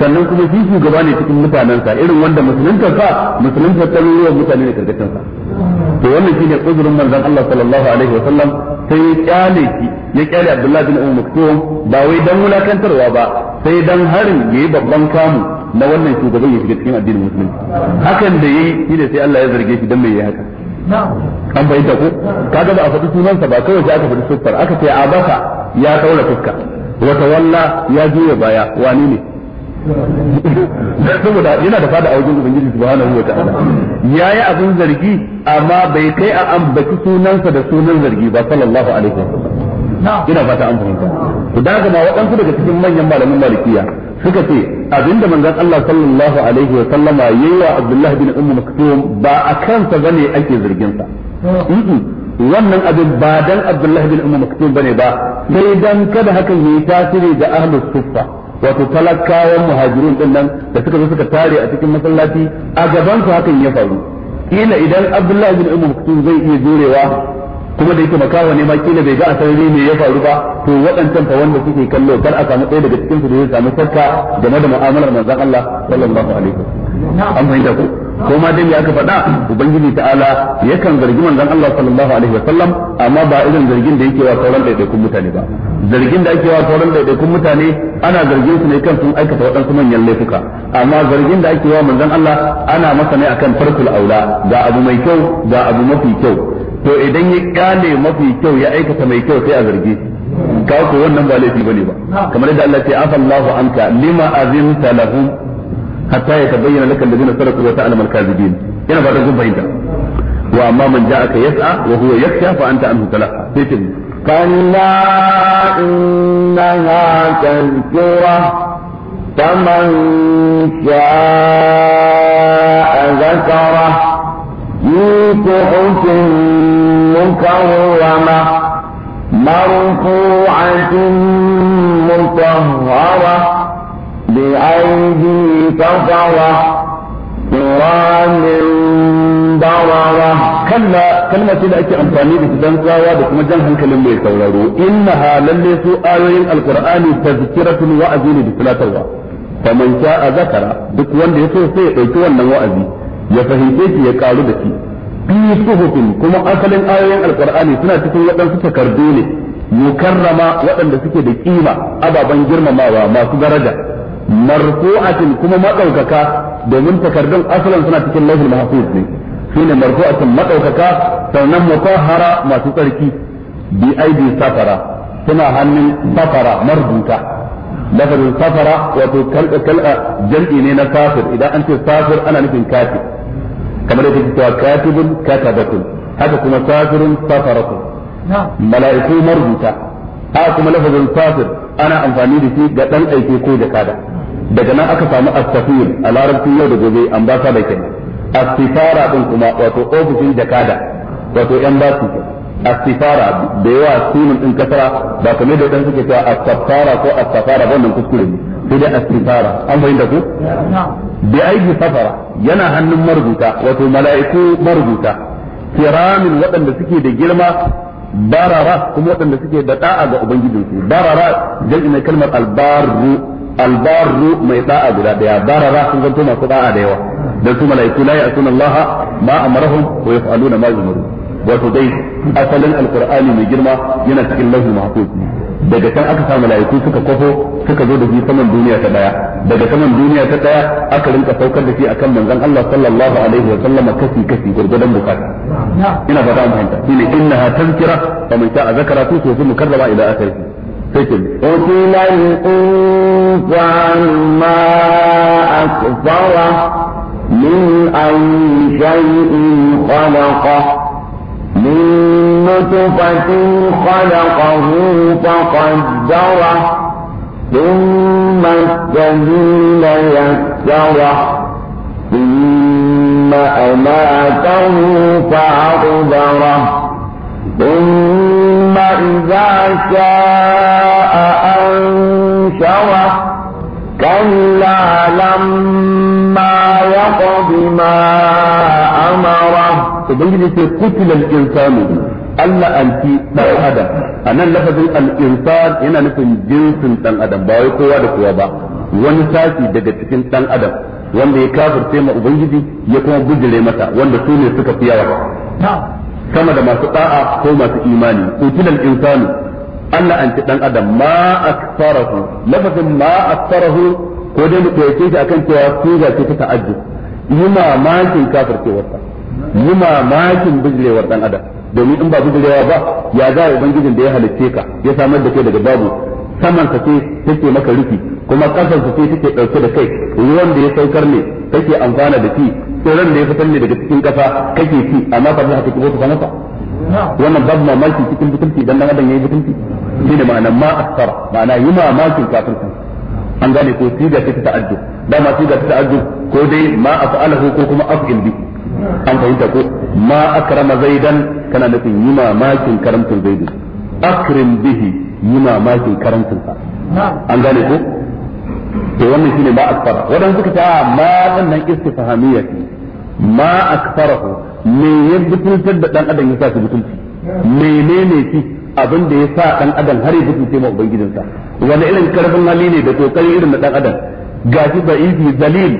Speaker 1: sannan kuma shi shugaba ne cikin mutanensa irin wanda musuluntar sa musuluntar ta wa mutane ne karkashin sa to wannan shine uzurin manzon Allah sallallahu alaihi wa sallam sai ya kyale shi ya kyale Abdullah bin Umar Maktum ba wai dan wulakantarwa ba sai dan harin yayi babban kamu na wannan shugaban ya shiga cikin addinin musulunci hakan da yayi da sai Allah ya zarge shi dan me yayi haka an bai ta ko kaga ba a faɗi sunansa ba kawai sai aka faɗi sukkar aka ce abaka ya kaura fuska Wata walla ya juya baya wani ne saboda yana da fada a wajen ubangiji subhanahu wa ta'ala yayi abin zargi amma bai kai a ambaci sunansa da sunan zargi ba sallallahu alaihi wasallam ina fata an fahimta to da ma waɗansu daga cikin manyan malamin malikiya suka ce abinda manzon Allah sallallahu alaihi wa sallama yayi wa Abdullah bin Ummu Maktum ba a kansa bane ake zargin sa wannan abin ba dan Abdullahi bin Umar Maktum bane ba sai dan kada hakan yayi tasiri ga ahlus suffa wato talakawan muhajirun din nan da suka zo suka tare a cikin masallaci a gaban su hakan ya faru kila idan Abdullahi bin Umar Maktum zai iya jurewa kuma da yake makawa ne ma kila bai ga a ne ya faru ba to waɗancan fa wanda suke kallo kar a samu ɗaya daga cikin su da ya samu sarka game da mu'amalar manzon Allah sallallahu alaihi
Speaker 3: wasallam
Speaker 1: an fahimta ko ko ma dan aka faɗa ubangiji ta'ala yakan zargi manzon Allah sallallahu alaihi wa sallam amma ba irin zargin da yake wa sauran daidaikun mutane ba zargin da ake wa sauran daidaikun mutane ana zargin su ne kan sun aikata waɗansu manyan laifuka amma zargin da ake wa manzon Allah ana masa ne akan farkul aula ga abu mai kyau ga abu mafi kyau to idan ya kale mafi kyau ya aikata mai kyau sai a zargi ka wannan ba laifi bane ba kamar yadda Allah ya ce afallahu anka lima azimta lahum hatta ya tabayyana laka alladhina sadaku wa ta'lamu al-kadhibin yana fatan kun fahimta wa amma man ja'aka yas'a wa huwa yakhsha
Speaker 2: fa anta anhu talaha sai kalla innaha tazkura faman sha'a zakara yusuhufin mukarrama مرفوعة مطهرة بأيدي سفرة كرام بررة كلا كلمة da ake amfani
Speaker 1: da dan tsawa da kuma jan hankalin mai sauraro innaha lalle su ayoyin alqur'ani tazkiratun wa azini bi zakara duk wanda ya so sai ya dauki wannan wa'azi ya fahimce shi ya karu da shi fi suhufin kuma asalin ayoyin alqur'ani suna cikin waɗansu takardu ne mukarrama waɗanda suke da kima ababen girmamawa masu daraja marfu'atin kuma madaukaka domin takardun asalan suna cikin lauhul mahfuz ne shine marfu'atin madaukaka sannan mutahhara masu tsarki bi aidi safara suna hannun safara marbuta lafazin safara wato kal'a jam'i ne na safir idan an ce safir ana nufin kafir kamar yadda ke cewa katibun katabatun haka kuma safirun safaratun mala'iku marbuta haka kuma lafazin safir ana amfani da shi ga dan aike ko da kada daga nan aka samu astafir a larabcin yau da gobe da kenan astifara din kuma wato ofishin jakada wato yan su astifara da yawa sunan din kasara ba kamar da dan suke cewa astafara ko astafara nan kuskure ne sai dai astifara an bayin da ku bi aiki safara yana hannun marubuta wato mala'iku marubuta kiramin waɗanda suke da girma barara kuma waɗanda suke da da'a ga ubangijinsu barara jam'i na kalmar albaru albarru mai da'a guda daya barara sun zanto masu da'a da yawa dan su malaiku la ya'tuna Allah ma amarahum wa yaf'aluna ma yumaru wato dai asalin alqur'ani mai girma yana cikin lahu mahfuz daga can aka samu malaiku suka kwafo suka zo da shi saman duniya ta daya daga saman duniya ta daya aka rinka saukar da shi akan manzon Allah sallallahu alaihi wa sallam kafi kashi gurgudan
Speaker 3: bukata ina fata mu
Speaker 1: hanta. shine innaha tazkira fa sha'a zakara fi sawfi mukarrama ila akhirih قتل
Speaker 2: الإنسان ما أكفره من أي شيء خلقه من نطفة خلقه فقدره ثم السبيل يسره ثم أماته فأقدره ثم إذا شاء أنشره كلا لما يقض ما أمره
Speaker 1: ubangiji ce kutilal insanu Allah anti dan adam anan lafazin al insan yana nufin jinsin dan adam ba wai kowa da kowa ba wani sashi daga cikin ɗan adam wanda ya kafirce ma ubangiji ya kuma gujire mata wanda su ne suka fi yawa sama da masu da'a ko masu imani kutilal insanu Allah an ci dan adam ma akfarahu lafazin ma akfarahu ko dai mu koyi shi akan cewa su ga ta ta'ajjub yi mamakin kafircewar sa yi mamakin bijirewar dan adam domin in ba bijirewa ba ya za ubangijin da ya halicce ka ya samar da kai daga babu saman ta ce take maka rufi kuma kasan ta ce take dauke da kai ruwan da ya saukar ne take amfana da shi ran da ya fitar ne daga cikin kasa kake ci amma ba za ka kibo ka masa
Speaker 3: wannan babu mamaki
Speaker 1: cikin mutunci dan adam yayi mutunci shi da ma'ana ma asfar ma'ana yi mamakin kafirci an gane ko siga ce ta ta'addu dama siga ta ta'addu ko dai ma af'alahu ko kuma af'il bi an fahimta ko ma akrama zaidan kana nufin yi mamakin karamcin zaidu akrim bihi yi mamakin karantinsa an gane ko to wannan shine ma akfar wadanda suka ta ma wannan istifhamiyya ce ma akfarahu me ya butultar da dan adam ya sa shi menene ne abin da ya sa dan adam har ya butulce ma ubangijinsa wani irin karfin hali ne da kokari irin na dan adam gashi ba ifi dalil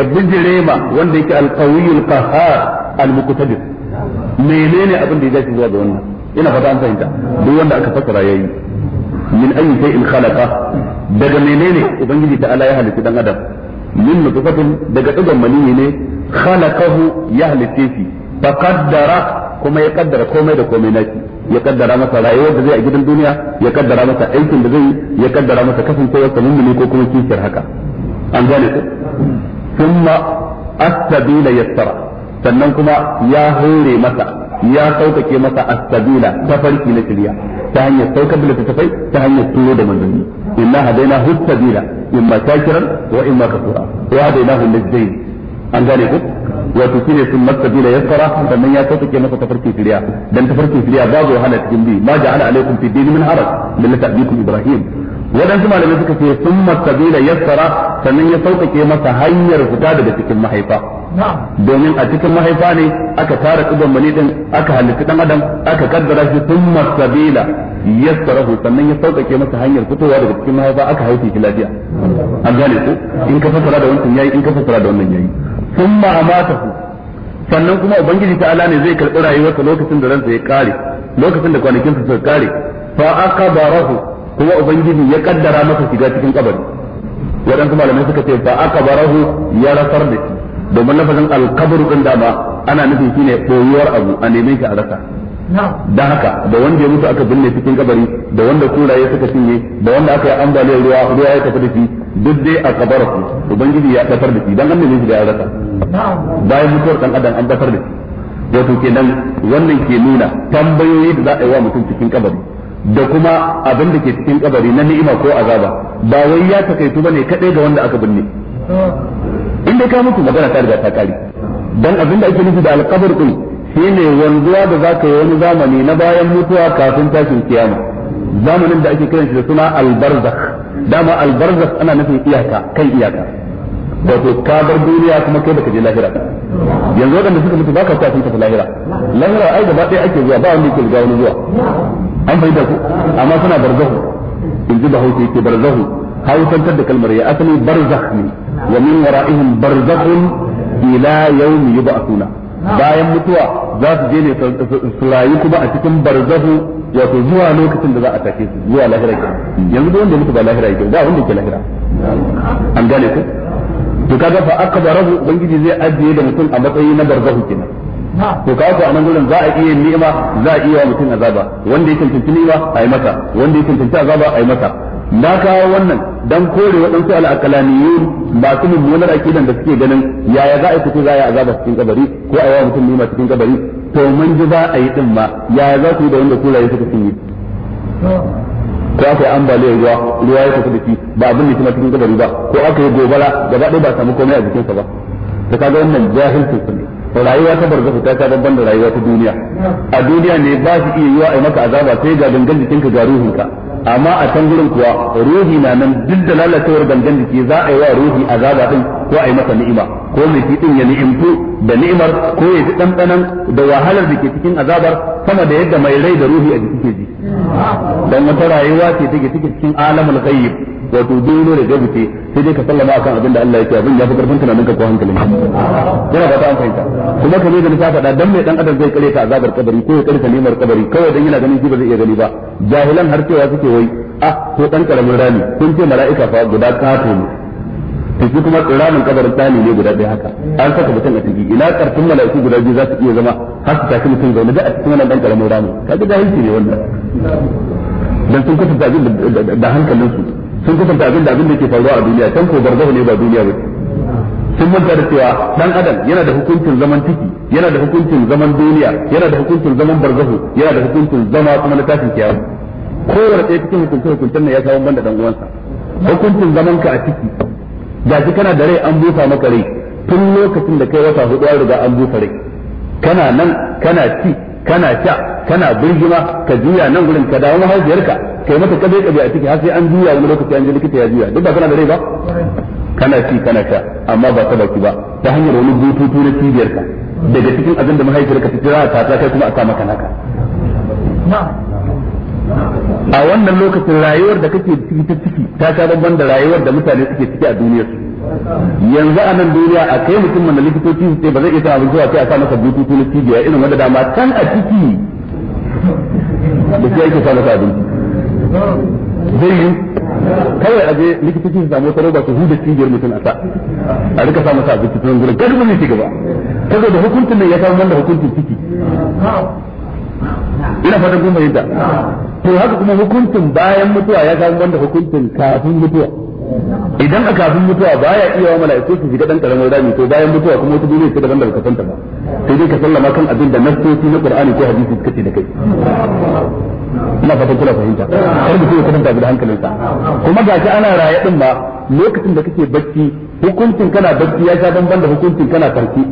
Speaker 1: ya bijire ma wanda yake alqawiyul qahhar almuqtadir menene abin da ya dace zuwa da wannan ina fata an fahimta duk wanda aka fasara yayi min ayyi shay'in khalaqa daga menene ubangiji ta ala ya halitta dan adam min nutfatin daga dugan maniyi ne khalaqahu ya halitta shi fa
Speaker 4: qaddara
Speaker 1: kuma ya kaddara komai da komai naki ya kaddara masa rayuwar da zai a gidan duniya ya kaddara masa aikin da zai ya kaddara masa kasancewar sa mummuni ko kuma kishiyar haka an gane ku thumma as-sabila yassara sannan kuma ya hore masa ya sauƙaƙe masa as-sabila tafarki na shari'a ta hanyar saukar da tafai ta hanyar turo da manzanni inna hadaina shakiran wa kafura wa hadaina hu najdain an gane ku wato shine sun sannan ya sauƙaƙe masa tafarki shari'a dan tafarki shari'a babu wahala cikin bi ma ja'ala alaikum fi dini min haraj millata ibrahim waɗansu malamai suka ce sun masabila yassara sannan ya sauƙaƙe masa hanyar fita daga cikin mahaifa domin a cikin mahaifa ne aka tara tsugon mani din aka halitta dan adam aka kaddara shi sun masabila yassara sannan ya sauƙaƙe masa hanyar fitowa daga cikin mahaifa aka haife shi lafiya
Speaker 3: an gane ko in ka fassara da wannan
Speaker 1: yayi in ka fassara da wannan yayi sun ma'amatahu sannan kuma ubangiji ta'ala ne zai karɓi rayuwarsa lokacin da ransa ya kare lokacin da kwanakin sa suka kare fa aqbarahu kuma ubangiji ya kaddara masa shiga cikin kabari waɗansu malamai suka ce fa aka barahu ya rasar da shi domin lafazin alkabaru din da ba ana nufin shine boyuwar abu a neman shi a rasa da haka da wanda ya mutu aka binne cikin kabari da wanda kuraye suka cinye da wanda aka yi ambaliyar ruwa ruwa ya tafi da shi duk dai a kabar ubangiji ya dafar da shi dan annabi shi da ya rasa bayan mutuwar dan adam an dafar da shi wato kenan wannan ke nuna tambayoyi da za a yi wa mutum cikin kabari da kuma abin da ke cikin kabari na ni'ima ko azaba ba wai ya takaitu bane kadai ga wanda aka binne inda ka mutu magana ta riga ta kare dan abin da ake nufi da alqabr din shine wanzuwa da zaka yi wani zamani na bayan mutuwa kafin tashin kiyama zamanin da ake kiran da suna albarzakh dama albarzakh ana nufin iyaka kan iyaka wato ka bar duniya kuma kai baka je lahira yanzu wadanda suka mutu baka sa sun tafi lahira
Speaker 3: lahira ai gaba ɗaya ake zuwa ba wanda yake riga wani zuwa an fahimta ku amma suna barzahu
Speaker 1: in ji bahaushe yake barzahu hausantar da kalmar ya asali barzakh ne wa min wara'ihim barzakhun ila yawm yub'athuna bayan mutuwa za su je ne su rayu kuma a cikin barzahu wato zuwa lokacin da za a take su zuwa lahira ke yanzu duk wanda mutu ba lahira yake ba wanda ke lahira an gane ku to kaga fa akbarahu ubangiji zai ajiye da mutum a matsayi na barzahu kenan to kaga ko anan gurin za a iya ni'ima za a iya mutum azaba wanda ya cancanci ni'ima a yi mata wanda ya cancanci azaba a yi mata na kawo wannan dan kore waɗansu al'akalaniyun masu mummunar akidan da suke ganin yaya za a fito za a yi azaba cikin kabari ko a yawa mutum ni'ima cikin kabari to mun ji za a yi din ma yaya za ku yi da wanda kuraye suka yi. ko aka yi ambaliyar ruwa ruwa ya tafi da shi ba abin da kuma cikin kabari ba ko aka yi gobara gaba ɗaya ba samu komai a jikinsa ba ta ga wannan jahilcin ne rayuwa ta barzahu ta ta babban da rayuwa ta duniya a duniya ne ba su iya yiwa a maka azaba sai ga gangan jikinka ga ruhinka amma a can gurin kuwa ruhi na nan duk da lalacewar gangan jiki za a yi wa ruhi azaba din ko a yi maka ni'ima ko mai shi din ya ni'imtu da ni'imar ko ya fi ɗanɗanan da wahalar da ke cikin azabar sama da yadda mai rai da ruhi a jiki ke ji dan wata rayuwa ce take take cikin alamul ghaib wato dole da gabi ce sai dai ka sallama akan abin da Allah ya abin ya fi karfin tunanin ka ko hankalin ka yana ba ta an fahimta kuma ne da na faɗa dan mai dan adam zai kare ta azabar kabari ko ya kare ta nemar kabari kawai dan yana ganin shi ba zai iya gani ba jahilan har cewa suke wai ah ko dan karamin rani kun ce mala'ika fa guda kafin ne to shi kuma tsiranin kabarin tsani ne guda ɗaya haka an saka mutum a ciki ina karfin mala'iku guda biyu za su iya zama har su tashi mutum zaune da a cikin wannan ɗan karamin ramin kaga jahilci ne wannan dan sun kusa abin da hankalin su sun kusa abin da abin da ke faruwa a duniya can ko barzahu ne ba duniya ba sun manta da cewa dan adam yana da hukuncin zaman ciki yana da hukuncin zaman duniya yana da hukuncin zaman barzahu yana da hukuncin zama kuma na tashin kiyama kowane ɗaya cikin hukuncin hukuncin na ya kawo banda dan uwansa hukuncin zaman ka a ciki shi kana da rai an busa maka rai tun lokacin da kai wata hudu an riga an busa rai kana nan kana ci kana sha kana birgima ka juya nan gurin ka dawo mahaifiyarka kai mata kabe kabe a ciki har sai an juya wani lokaci an ji likita ya juya duk ba kana da rai ba kana ci kana sha amma ba ta baki ba ta hanyar wani bututu na cibiyarka daga cikin abin da mahaifiyarka ta kira ta ta kai kuma a sa maka naka a wannan lokacin rayuwar da kake ciki ta ciki ta sha babban da rayuwar da mutane suke ciki a duniyar yanzu a nan duniya a kai mutum mana likitoci su ce ba zai isa abin zuwa sai a sa masa bututu na cibiya irin wanda dama can a ciki da sai ake sa masa abinci zai yi kawai a je likitoci su samu wata roba su huda cibiyar mutum a sa a rika sa masa abinci tun gudun gadi ba zai ba gaba kaga da hukuncin nan ya samu wanda hukuncin ciki
Speaker 3: ina fatan kun fahimta
Speaker 1: to haka kuma hukuncin bayan mutuwa ya samu wanda hukuncin kafin mutuwa idan a kafin mutuwa baya iya wa mala'iku su shiga dan karamin rami to bayan mutuwa kuma wata duniya ce daban da baka santa ba sai dai ka sallama kan abin da nassoci na Qur'ani ko hadisi suka ce da kai ina fatan kula fahimta har da kuma kwatanta da hankalinsa kuma ga shi ana raye din ba lokacin da kake bacci hukuncin kana bacci ya sha bamban da hukuncin kana farki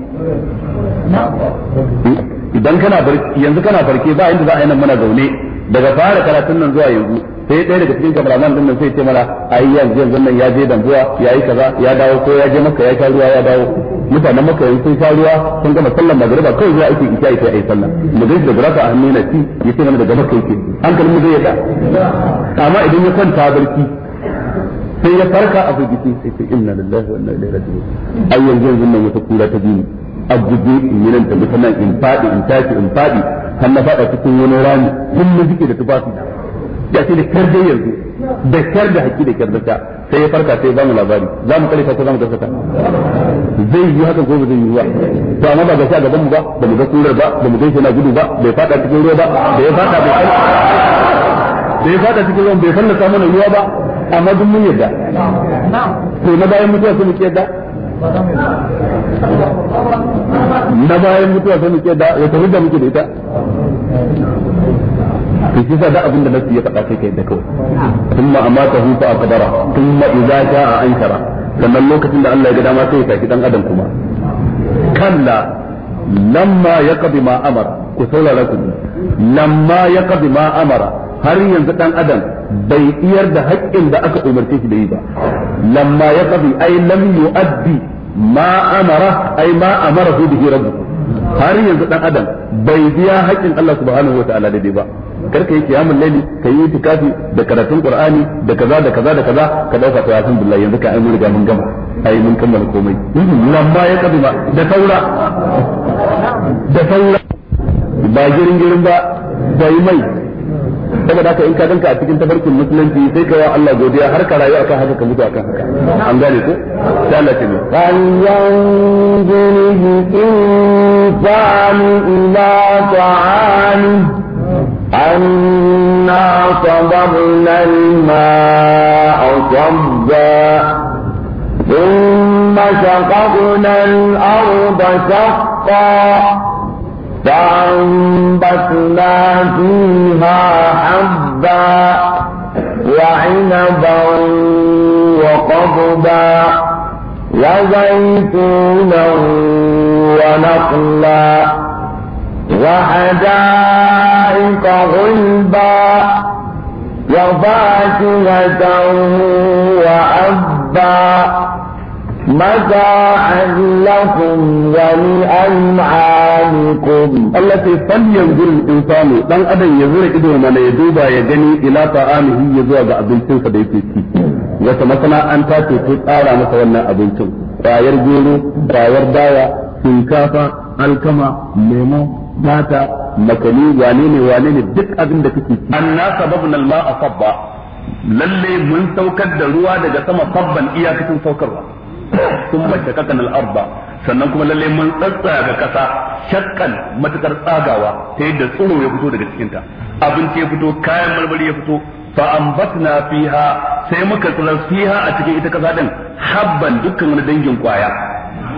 Speaker 1: idan kana barki yanzu kana farki ba inda za a yi nan muna zaune daga fara karatun nan zuwa yanzu sai ɗaya daga cikin kamaraman din nan sai ce mana ai yanzu yanzu nan ya je dambuwa ya yi kaza ya dawo ko ya je maka ya sha ruwa ya dawo mutanen maka yanzu sun sha ruwa sun gama sallar magriba kawai zuwa ake isha ita ai sallah mu gaishe da guraka a hannu na ci ya ce mana daga maka yake hankalin mu zai yada
Speaker 3: amma idan ya kwanta barci sai ya farka
Speaker 1: a firgici sai ce inna lillahi wa inna ilaihi raji'un ai yanzu yanzu nan wata kura ta biyu a guje in ta mutanen in faɗi in tashi in faɗi har na fada cikin wani rami kullum jike da tufafi na ya ce da kyar dai yanzu da kyar da haƙi da kyar da sai ya farka sai ya bamu labari za mu karanta ko za mu gaskata zai yi haka gobe zai yi ba to amma ba ga sha gaban mu ba ba mu ga kurar ba ba mu ga shi na gudu ba bai fada cikin ruwa ba da ya fada bai da ya fada cikin ruwa bai fallasa mana ruwa ba amma duk mun yadda to na bayan mutuwa sai mu yadda na bayan mutuwa sai muke da ya tafi da muke da ita to shi da abin da nasu ya faɗa sai kai da kawai ta amata hu fa aqdara thumma idza jaa ankara sannan lokacin da Allah ya ga dama sai ya saki dan adam kuma kalla lamma yaqdi ma amara ku saurara ku lamma yaqdi ma amara har yanzu dan adam bai iyar da haƙƙin da aka umarce shi da yi ba lamma ya qabi ai lam yu'addi ma amara ai ma amara bihi rabbuhu har yanzu dan adam bai biya haƙƙin Allah subhanahu wataala dai ba karka yi kiyamul laili ka yi itikafi da karatun qur'ani da kaza da kaza da kaza ka dauka ta yasin billahi yanzu ka ai mun riga mun gama ai mun kammala komai Lamma ya ya ba da saura da saura ba girin girin ba bai mai saboda haka in ka danka a cikin tabarkin musulunci sai ka wa Allah godiya har ka rayu akan haka
Speaker 2: ka mutu akan haka an gane ko sai Allah ce fal yanzuru insanu ila ta'ani anna sabarna al-ma'a ثم شققنا الأرض شقا فأنبتنا فيها حبا وعنبا وقضبا وزيتونا ونخلا وحدائق غلبا وفاكهة وأبا متاعا لكم ولأنعامكم ya فلينظر الإنسان دان أدن
Speaker 1: يزور إدو من يدوبا يجني إلى طعامه يزوى أبنتين فديكي wata masana'anta ce ta tsara masa wannan abincin kwayar goro, kwayar dawa shinkafa alkama lemon, data makani wane ne wane ne duk abin da kake ci anna sababna al sabba lalle mun saukar da ruwa daga sama sabban iyakacin saukarwa sun shaqaqna kakan al'arba sannan kuma lalle mun ga kasa shakkan matakar tsagawa ta yadda tsiro ya fito daga cikinta. abinci ya fito kayan marmari ya fito fa ambatna fiha sai muka tsirar fiha a cikin ita kasa din habban dukkan wani dangin kwaya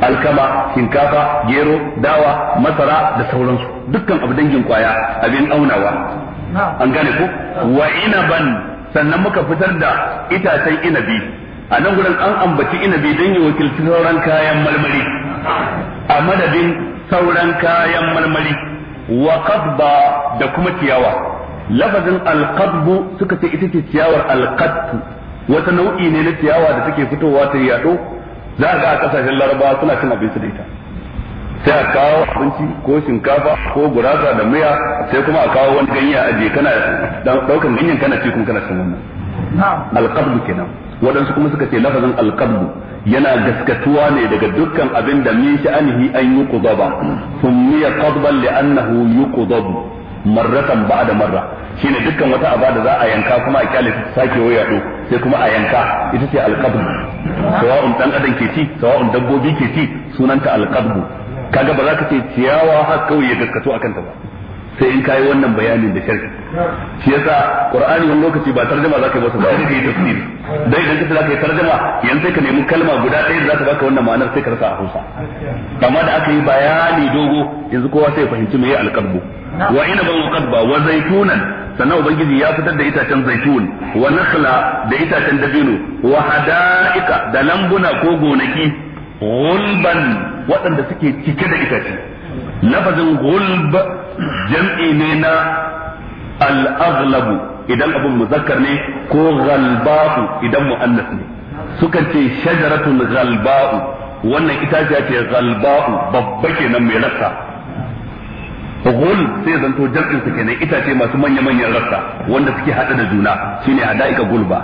Speaker 1: alkama shinkafa gero dawa masara da sauransu dukkan abu dangin kwaya abin aunawa an gane ku? wa inaban sannan muka fitar da itacen inabi a nan gudan an ambaci inabi don ya wakilci sauran kayan marmari a madadin sauran kayan marmari wa kasba da kuma ciyawa lafazin alqadbu suka ce ita ce ciyawar alqadbu wata nau'i ne na ciyawa da take fitowa ta yado za ga a kasashen larabawa suna cin abinci da ita sai a kawo abinci ko shinkafa ko gurasa da miya sai kuma a kawo wani ganye a je kana daukan ganyen kana ci kuma kana cin wannan alqablu kenan waɗansu kuma suka ce lafazin alqablu yana gaskatuwa ne daga dukkan abin da min sha'anihi an yi yuqdaba summiya qadban li'annahu yuqdabu marratan ba'da marra shi ne dukkan wata aba da za a yanka kuma a kyale ta sake wayado sai kuma a yanka ita ce alqablu sawa'un dan adam ke ci sawa'un dabbobi ke ci sunanta alqablu kaga ba za ka ce ciyawa haka kawai ya gaskatu akan ta ba sai in kai wannan bayanin da sharhi shi yasa qur'ani wani lokaci ba tarjuma zaka yi masa ba sai kai tafsiri dai idan kace zaka yi tarjuma yanzu sai ka nemi kalma guda ɗaya da zaka baka wannan ma'anar sai ka rasa a Hausa
Speaker 3: amma da aka yi bayani
Speaker 1: dogo yanzu kowa sai ya fahimci meye alqalbu wa inaban wa qadba wa zaytunan sannan ubangiji ya fitar da itacen zaitun wa nakhla da itacen dabino wa hada'ika da lambuna ko gonaki gulban waɗanda suke cike da itace lafazin gulb jam'i ne na alaglabu idan abin muzakkar ne ko ghalba'u idan mu'annas ne sukan ce shajaratun ghalba'u wannan itaciya ce ghalba'u babba nan mai rassa ghul sai zanto jam'in su kenan itace masu manya manyan rassa wanda suke hada da juna shine hadaika gulba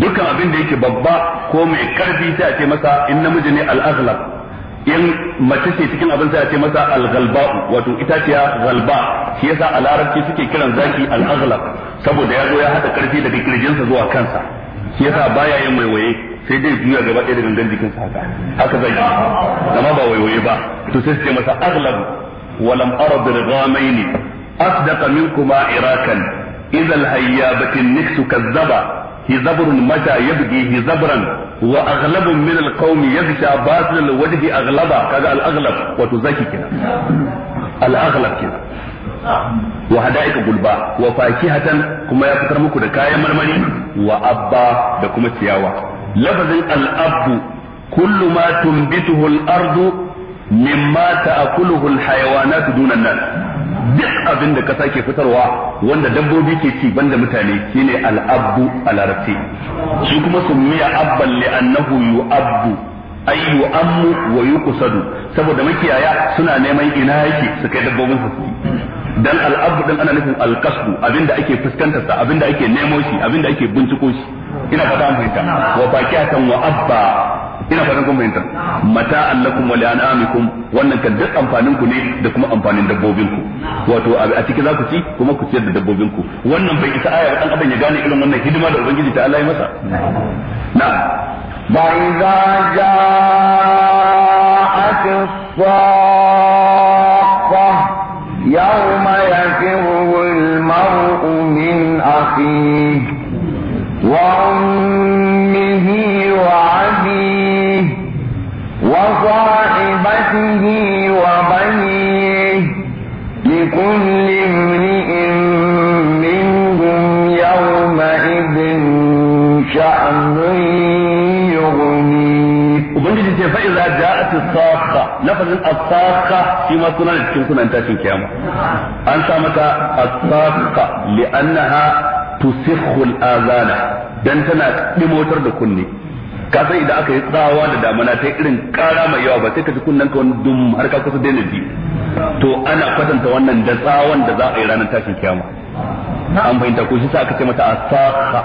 Speaker 1: dukkan abin da yake babba ko mai karfi sai a ce masa in namiji ne al in mace ce cikin abin sai a ce masa al-ghalba wato itaciya ghalba shi yasa a larabci suke kiran zaki al saboda ya zo ya hada karfi daga kirjinsa zuwa kansa shi yasa baya yin waiwaye sai dai juya gaba ɗaya da gangan jikinsa haka haka zaki
Speaker 3: amma ba waiwaye ba
Speaker 1: to sai su ce masa aghlab walam arad righamaini asdaqa minkuma irakan idha al-hayyabati niksu kazzaba hizabrun mata yabghi hizabran wa aghlabun min alqawm yaghsha batil alwajhi aghlaba kaga al-aghlab wato zaki kina al kina wa hadaika gulba wa fakihatan kuma ya fitar muku da kayan marmari wa abba da kuma ciyawa lafazin al-abdu kullu ma tunbituhu al-ardu mimma ta'kuluhu al-hayawanatu dunan an-nas duk abin da kasa ke fitarwa wanda dabbobi ke ci banda mutane shine al al'arfi shi kuma summiya abban li annahu yu'abbu ay yu'ammu wa yuqsadu saboda makiyaya suna neman ina yake su kai dabbobin su dan al'abu din ana nufin alqasdu abinda ake fuskantar sa abinda ake nemo shi abinda ake binciko shi ina fata mun fahimta wa faqihatan wa abba ina fata kun fahimta mata allakum wa li'anamikum wannan kan duk amfanin ku ne da kuma amfanin dabbobin ku wato a ciki za ku ci kuma ku ciyar da dabbobin ku wannan bai isa aya dan abin ya gane irin wannan hidima da ubangiji ta Allah ya masa
Speaker 2: na ba'iza idza ja'at ubangiji ce fa iza ja'at as-saqa lafazin
Speaker 1: as-saqa shi ma suna cikin sunan tashin kiyama an sa mata as-saqa li'annaha tusikhu al-azana dan tana dimotar da kunne ka san idan aka yi tsawa da damana ta irin kara mai yawa ba sai ka ji kunnen ka wani dum har ka kusa daina ji to ana kwatanta wannan da tsawon da za a yi ranar tashin kiyama an fahimta ko shi sa aka ce mata as-saqa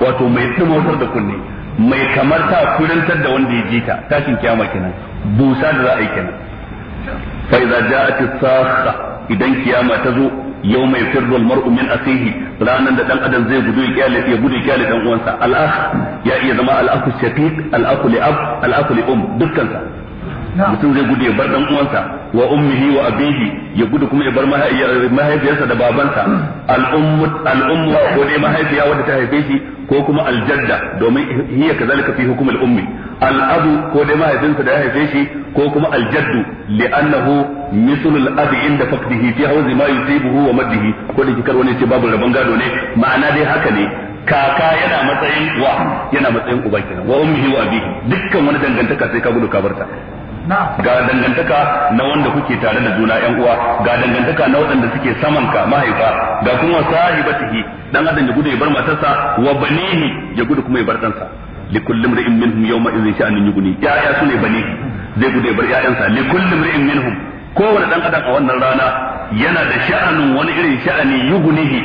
Speaker 1: wato mai dimotar da kunne mai kamar ta kurantar da wanda ya ji ta tashin kiyama kenan busa da za a yi kenan fa idza ja'at idan kiyama ta zo yau mai firru al-mar'u min da dan adam zai gudu ya kyale ya gudu ya kyale dan uwansa al ya iya zama al-akhu shaqiq al-akhu ab al um dukkan sa mutum zai gudu ya bar dan uwansa wa ummihi wa abihi ya gudu kuma ya bar mahaifiyarsa da babansa hmm. al-ummu al-ummu ko dai mahaifiya wadda ta haife shi ko kuma al-jadda domin hiya kazalika fi hukm al-ummi al-abu ko dai mahaifinsa da ya haife shi ko kuma al-jaddu li'annahu mislu al-abi inda fakdihi fi hawzi ma yusibuhu wa maddihi ko da kikar wani ce babu rabon gado ne ma'ana dai haka ne
Speaker 3: kaka yana matsayin wa
Speaker 1: yana matsayin uba kenan wa ummihi wa abihi dukkan wani dangantaka sai ka gudu ka barta ga dangantaka na wanda kuke tare da juna yan uwa ga dangantaka na wanda suke saman ka mahaifa ga kuma sahibatihi dan adam ya gudu ya bar matarsa wa banihi ya gudu kuma ya bar ɗansa li kulli imrin minhum yawma idhin sha'anun yughni ya ya sune banihi zai gudu ya bar ƴaƴansa li kulli imrin minhum kowane dan adam a wannan rana yana da sha'anin wani irin sha'ani yughnihi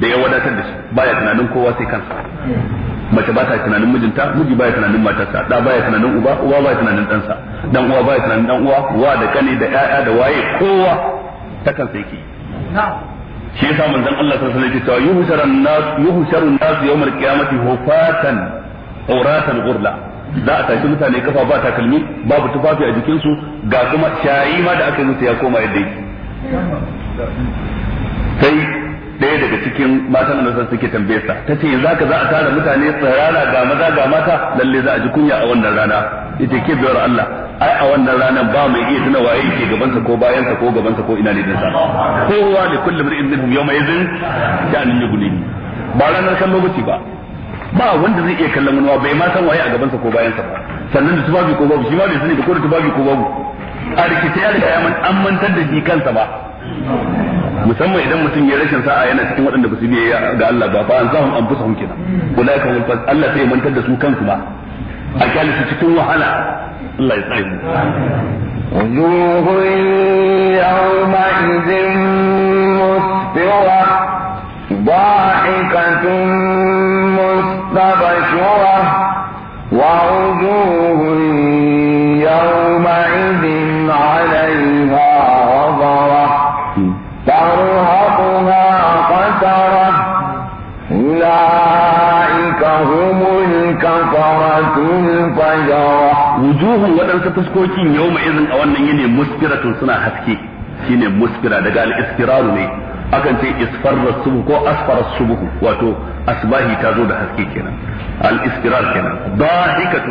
Speaker 1: da ya wadatar da shi baya tunanin kowa sai
Speaker 3: kansa
Speaker 1: mace ba ta tunanin mijinta miji ba ya tunanin matarsa da ba ya tunanin uba uba ba ya tunanin ɗansa dan uwa ba ya tunanin dan uwa wa da kane da ƴaƴa da waye kowa ta sai ki shi yasa manzon Allah sallallahu alaihi wasallam ya ce yuhsharun nas yuhsharun nas yawmal qiyamati hufatan uratan ghurla za a tashi mutane kafa ba takalmi babu tufafi a jikinsu ga kuma shayi ma da aka yi musu ya koma yadda yake
Speaker 3: sai ɗaya daga
Speaker 1: cikin matan annabi suke tambaye sa tace yanzu haka za a tara mutane tsirara ga maza ga mata lalle za a ji kunya a wannan rana ita ke biyar Allah ai a wannan ranar ba mai iya tuna waye yake gaban sa ko bayan sa ko gaban sa ko ina ne din sa kowa li kulli mai minhum yawma idhin ne yughni ba ranar kallo lokaci ba ba wanda zai iya kallon wani bai ma san waye a gaban sa ko bayan sa ba sannan da tubabi ko babu shi ma bai sani da ko da tubabi ko babu a rikice ya riga ya an mantar da shi kansa ba musamman idan mutum ya rashin sa'a yana cikin waɗanda ba su biye ga Allah ba fa an zahum an fusahum kenan ulaika hum fas Allah sai ya mantar da su kansu ba
Speaker 2: a kyale su cikin wahala Allah ya tsare mu وجوه يومئذ مسفرة ضاحكة مستبشرة ووجوه يومئذ wujuhun waɗansu fuskoki yau mai izin a wannan yini muskiratun
Speaker 1: suna haske shine muskira daga al-iskiraru ne akan ce isfarra subu ko asfara subu wato asbahi ta zo da haske kenan al-iskirar kenan dahikatu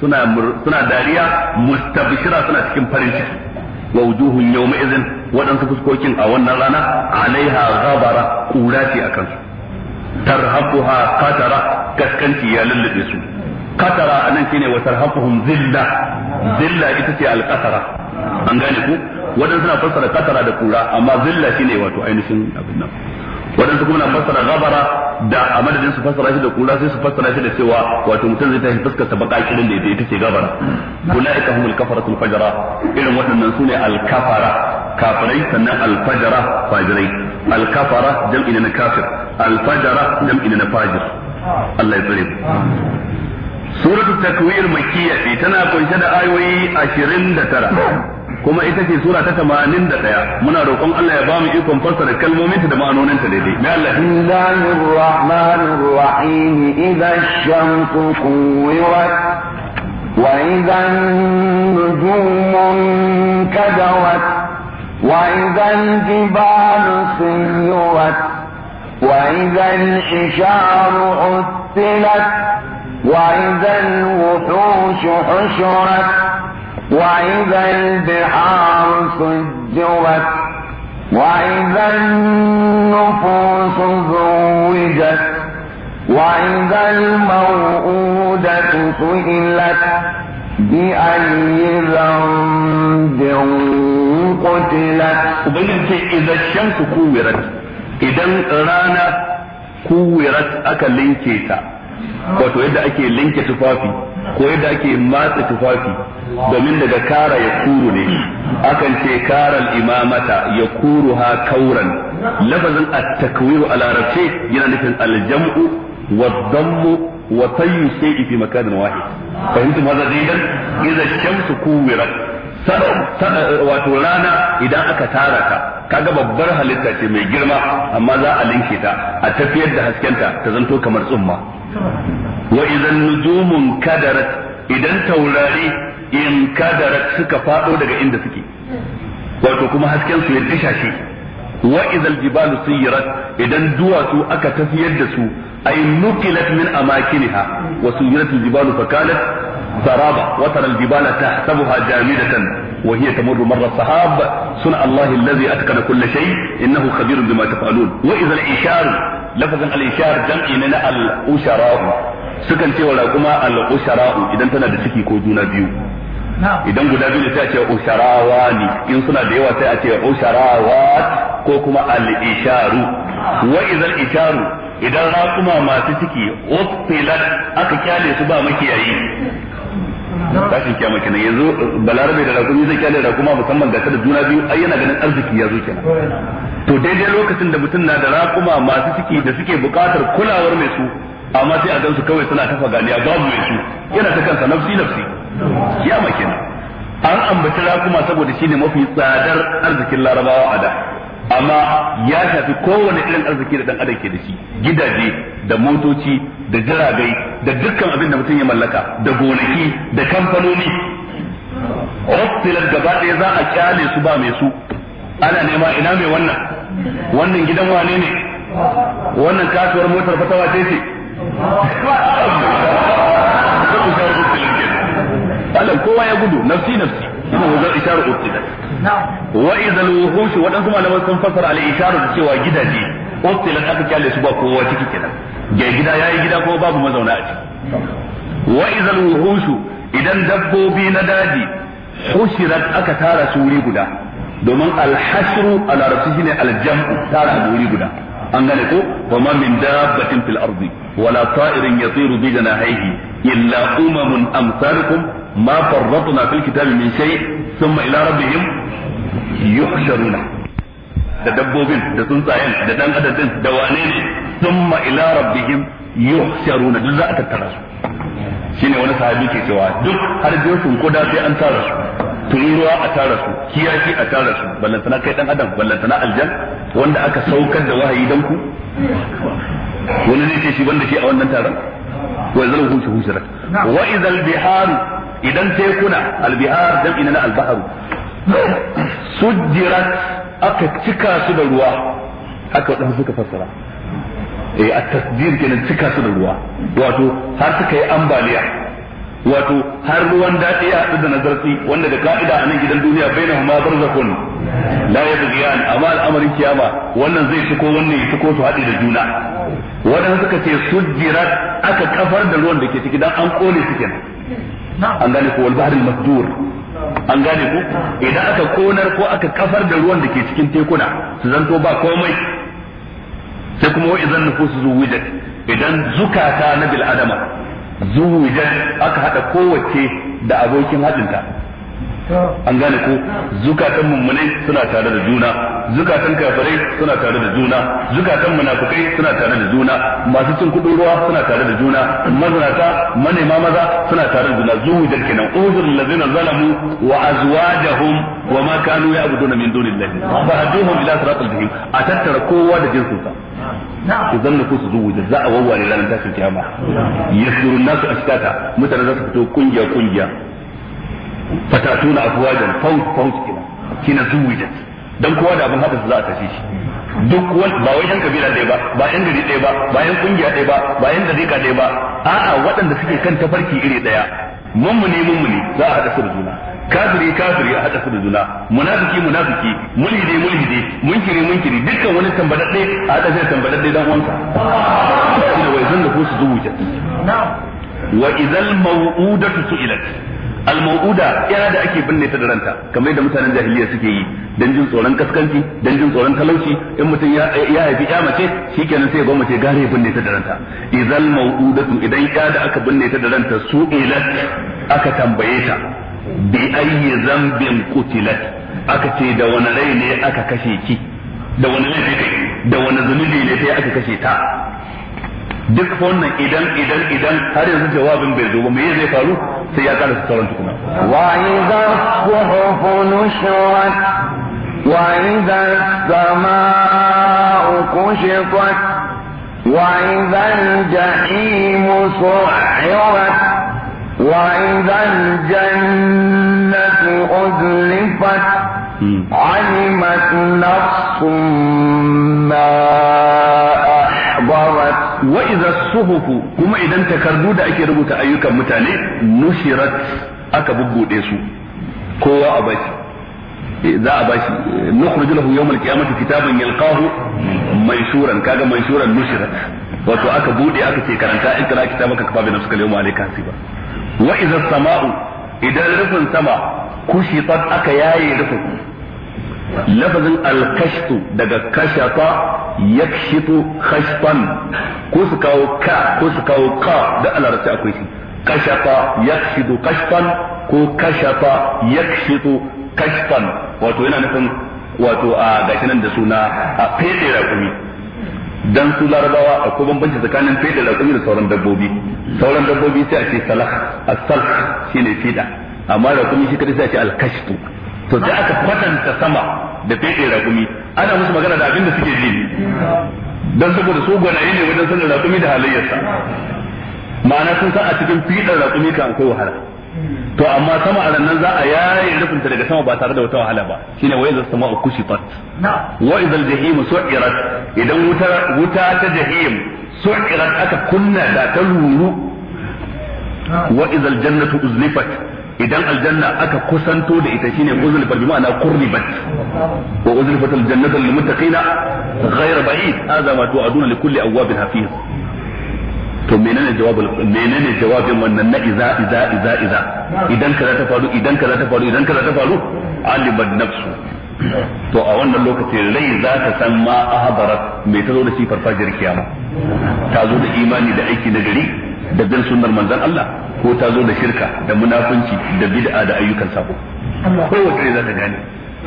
Speaker 1: suna suna dariya mustabshira suna cikin farin ciki wa wujuhun yau mai izin waɗansu fuskokin a wannan rana alaiha ghabara kura ce akan su tarhaquha qatara kaskanci ya lullube su qatara nan shine wa tarhaquhum zilla zilla ita ce al an gane ku wadansu na fassara qatara da kura amma zilla shine wato ainihin abin nan wadansu kuma na fassara gabara da a madadin su fassara shi da kura sai su fassara shi da cewa wato mutum zai tashi fuskar sa baka kirin da ita ce gabara ulaika humul kafaratul fajra irin waɗannan sune al-kafara kafirai sannan alfajara fajirai alkafara kafara jam'i na kafir alfajara fajra jam'i na fajir Allah ya tsare suratul takwir makkiya ce tana kunshe da ayoyi 29 kuma ita ce sura ta 81 muna roƙon Allah ya bamu ikon fassara kalmomin ta da ma'anonin ta daidai mai Allah
Speaker 2: Bismillahir Rahmanir Rahim idza shamsu kuwirat wa idza nujumun kadarat wa وإذا الوحوش حشرت وإذا البحار سجرت وإذا النفوس زوجت وإذا الموءودة سئلت بأي ذنب قتلت وبين إذا الشمس كورت إذا رانا
Speaker 1: كورت أكلين كيتا wato yadda ake linke tufafi ko yadda ake matsa tufafi domin daga kara ya kuru ne akan ce karal imamata ya kuru ha kauran lafazin at-takwiru a larabce yana nufin aljam'u wa dammu wa tayyu shay'i fi makanin wahid fahimtum hadha zaidan idza shamsu kuwirat wato rana idan aka tara ta kaga babbar halitta ce mai girma amma za a linke ta a tafiyar da haskenta ta zanto kamar tsumma wa'izan idan nujumun kadarat idan taurari in kadarat suka fado daga inda suke wato kuma hasken su ya disha shi wa jibalu suyirat idan duwatsu aka tafiyar da su ay nukilat min amakiniha wa suyirat jibalu fakalat saraba wa tara aljibala tahsabuha jamidatan wa hiya tamurru marra sahab suna Allah alladhi atqana kull shay innahu khabirun bima taf'alun wa idan isharu lafazin al-ishar jam'i ne na al-ushara'u sukan ce wa raquma al-ushara'u idan tana da ciki ko juna biyu
Speaker 3: idan guda biyu sai a ce usharawani
Speaker 1: in suna da yawa sai a ce usharawat ko kuma al-isharu wa idan isharu idan raquma masu ciki uqilat aka kyale su ba makiyayi tashin kiyama kenan yanzu balarabe da rakumi zai kyale rakuma musamman ga da juna biyu ai yana ganin arziki ya zo kenan to daidai lokacin da mutum na da raƙuma masu ciki da suke buƙatar kulawar mai su amma sai a gansu kawai suna tafa ganiya babu mai su yana ta kansa nafsi nafsi Ya kenan an ambaci raƙuma saboda shine mafi tsadar arzikin larabawa a da amma ya shafi kowane irin arziki da dan adam ke da shi gidaje da motoci da jiragai da dukkan abin da mutum ya mallaka da gonaki da kamfanoni ofilar gaba ɗaya za a kyale su ba mai su ana nema ina mai wannan wannan gidan wane ne wannan kasuwar motar fatawa ce ce Allah kowa ya gudu nafsi nafsi ina wajen isharar uttida wa idal wuhush waɗansu malaman sun fasara al isharar da cewa gidaje uttila aka kalle su ba kowa ciki kenan ga gida yayi gida ko babu mazauna a
Speaker 3: ciki
Speaker 1: wa idal wuhush idan dabbobi na daji hushirat aka tara su wuri guda domin alhashru a larabci shine aljam'u tara a wuri guda an gane ko wa ma min dabbatin fil ardi wala ta'irin yatiru bi janahihi illa umamun amsalukum ma farratna fil kitabi min shay thumma ila rabbihim yuhsharuna da dabbobin da tsuntsayen da dan adadin da wane ne thumma ila rabbihim yuhsharuna duk za a tattara su shine wani sahabi ke cewa duk har jinsin koda sai an tara su tururuwa a tara su kiyashi a tara su ballantana kai dan adam ballantana aljan wanda aka saukar da wahayi dan ku wani ne ce shi wanda ke a wannan taron wa zal hushi hushirat wa idhal bihar idan tekuna albihar dan inna albahru sujjirat aka cika su da ruwa haka wadanda suka fassara eh at-tasdir kenan cika su da ruwa wato har suka yi ambaliya wato har ruwan daɗi ya haɗu da nazarci wanda da ka'ida a nan gidan duniya bai na ma barzakhun la ya bugiyan amma al'amarin kiyama wannan zai shiko wanne ya shiko su haɗe da juna wadanda suka ce sujjirat aka kafar da ruwan da ke ciki dan an kone su kenan an gane ko wal al masdur an gane ko idan aka konar ko aka kafar da ruwan da ke cikin tekuna su zanto ba komai sai kuma wa idan nufusu zuwijat idan zukata na bil adama zuwujan aka hada kowace da abokin hadinta an gane ko zukatan mummunai suna tare da juna zukatan kafirai suna tare da juna zukatan munafikai suna tare da juna masu cin kudin ruwa suna tare da juna mazinata manema maza suna tare da juna zuhu da kenan uzur allazina zalamu wa azwajahum wa ma kanu ya'buduna min dunillahi fa aduhum ila siratil jahim a tattara kowa da jinsinsa ku zanna ku su zuwa za a wawware ranar tashin kiyama yasuru nasu ashtata mutane za su fito kungiya kungiya fatatuna afwajan faut faut kina kina zuwijat dan kowa da abin hadin za a tashi shi duk wani ba wai yan kabila ɗaya ba ba yan gari ɗaya ba ba yan kungiya ɗaya ba ba yan dariƙa ɗaya ba a'a waɗanda suke kan tafarki iri ɗaya mummuni ne, za a haɗa su da juna kafiri kafiri a haɗa su da juna munafiki munafiki mulhidi mulhidi munkiri munkiri dukkan wani tambadadde a haɗa shi da tambadadde dan uwansa shine wai zan da ku su zuwuja wa idzal maw'udatu su'ilat al mawuda yana da ake binne ta da ranta kamar da mutanen jahiliya suke yi dan jin tsoron kaskanci dan jin tsoron talauci in mutum ya ya haifi ya mace shikenan sai ya gwamnati gare binne ta da ranta idan mau'udatu idan ya da aka binne ta da ranta su ilat
Speaker 3: aka tambaye ta
Speaker 1: bi ayyi zambin qutilat aka ce da wani rai ne aka kashe ki da wani laifi ne da wani zunubi ne sai aka kashe ta duk wannan idan idan idan har yanzu jawabin bai zo ba me zai faru sai ya
Speaker 2: وإذا الصحف نشرت وإذا السماء كشطت وإذا الجحيم سعرت وإذا الجنة أزلفت علمت نفس ما
Speaker 1: idza suhufu kuma idan takardu da ake rubuta ayyukan mutane nushirat aka bubbude su kowa a bashi eh, za a bashi nukhruju lahu yawm al-qiyamati kitaban yalqahu manshuran kaga manshuran nushirat wato aka bude aka ce karanta in ikra kitabaka kafa bi nafsika yawma alayka hasiba wa idza as-sama'u idan rufin sama kushitat aka yaye rufin lafazin alkashtu daga kashafa yakshitu kashfan ko su kawo ka ko su kawo ka da alarci akwai shi kashafa yakshitu kashfan ko kashafa yakshitu kashfan wato yana nufin wato a gashi nan da suna a fede rakumi dan su larabawa akwai bambanci tsakanin fede rakumi da sauran dabbobi sauran dabbobi sai a ce salah as-salh shine fida amma rakumi shi kada sai a ce al-kashfu to aka kwatanta sama da fede rakumi ana musu magana da abin da suke ji dan saboda su gwanaye ne wajen sanin rakumi da halayyarsa ma'ana sun san a cikin fiɗar rakumi kan akwai wahala to amma sama a nan za a yaye rufinta daga sama ba tare da wata wahala ba shine wa idza sama'u kushitat
Speaker 3: wa idza al-jahim su'irat idan wuta
Speaker 1: wuta ta jahim su'irat aka kunna da ta ruru wa idza al-jannatu uzlifat idan aljanna aka kusanto da ita shine uzulfat bi ma'ana qurribat wa uzulfat aljannatu lil muttaqina ghayra ba'id hadha ma tu'aduna li kulli awwabin hafiz to menene jawabin menene jawabin wannan na iza iza iza iza idan kaza ta faru idan kaza ta faru idan kaza ta faru alimat nafsu to a wannan lokacin rai za ta san ma ahbarat me ta zo da shi farfajiyar kiyama ta zo da imani da aiki na gari da bin sunnar manzon Allah ko ta zo da shirka da munafunci da bid'a da ayyukan sako kowace ne za ta gane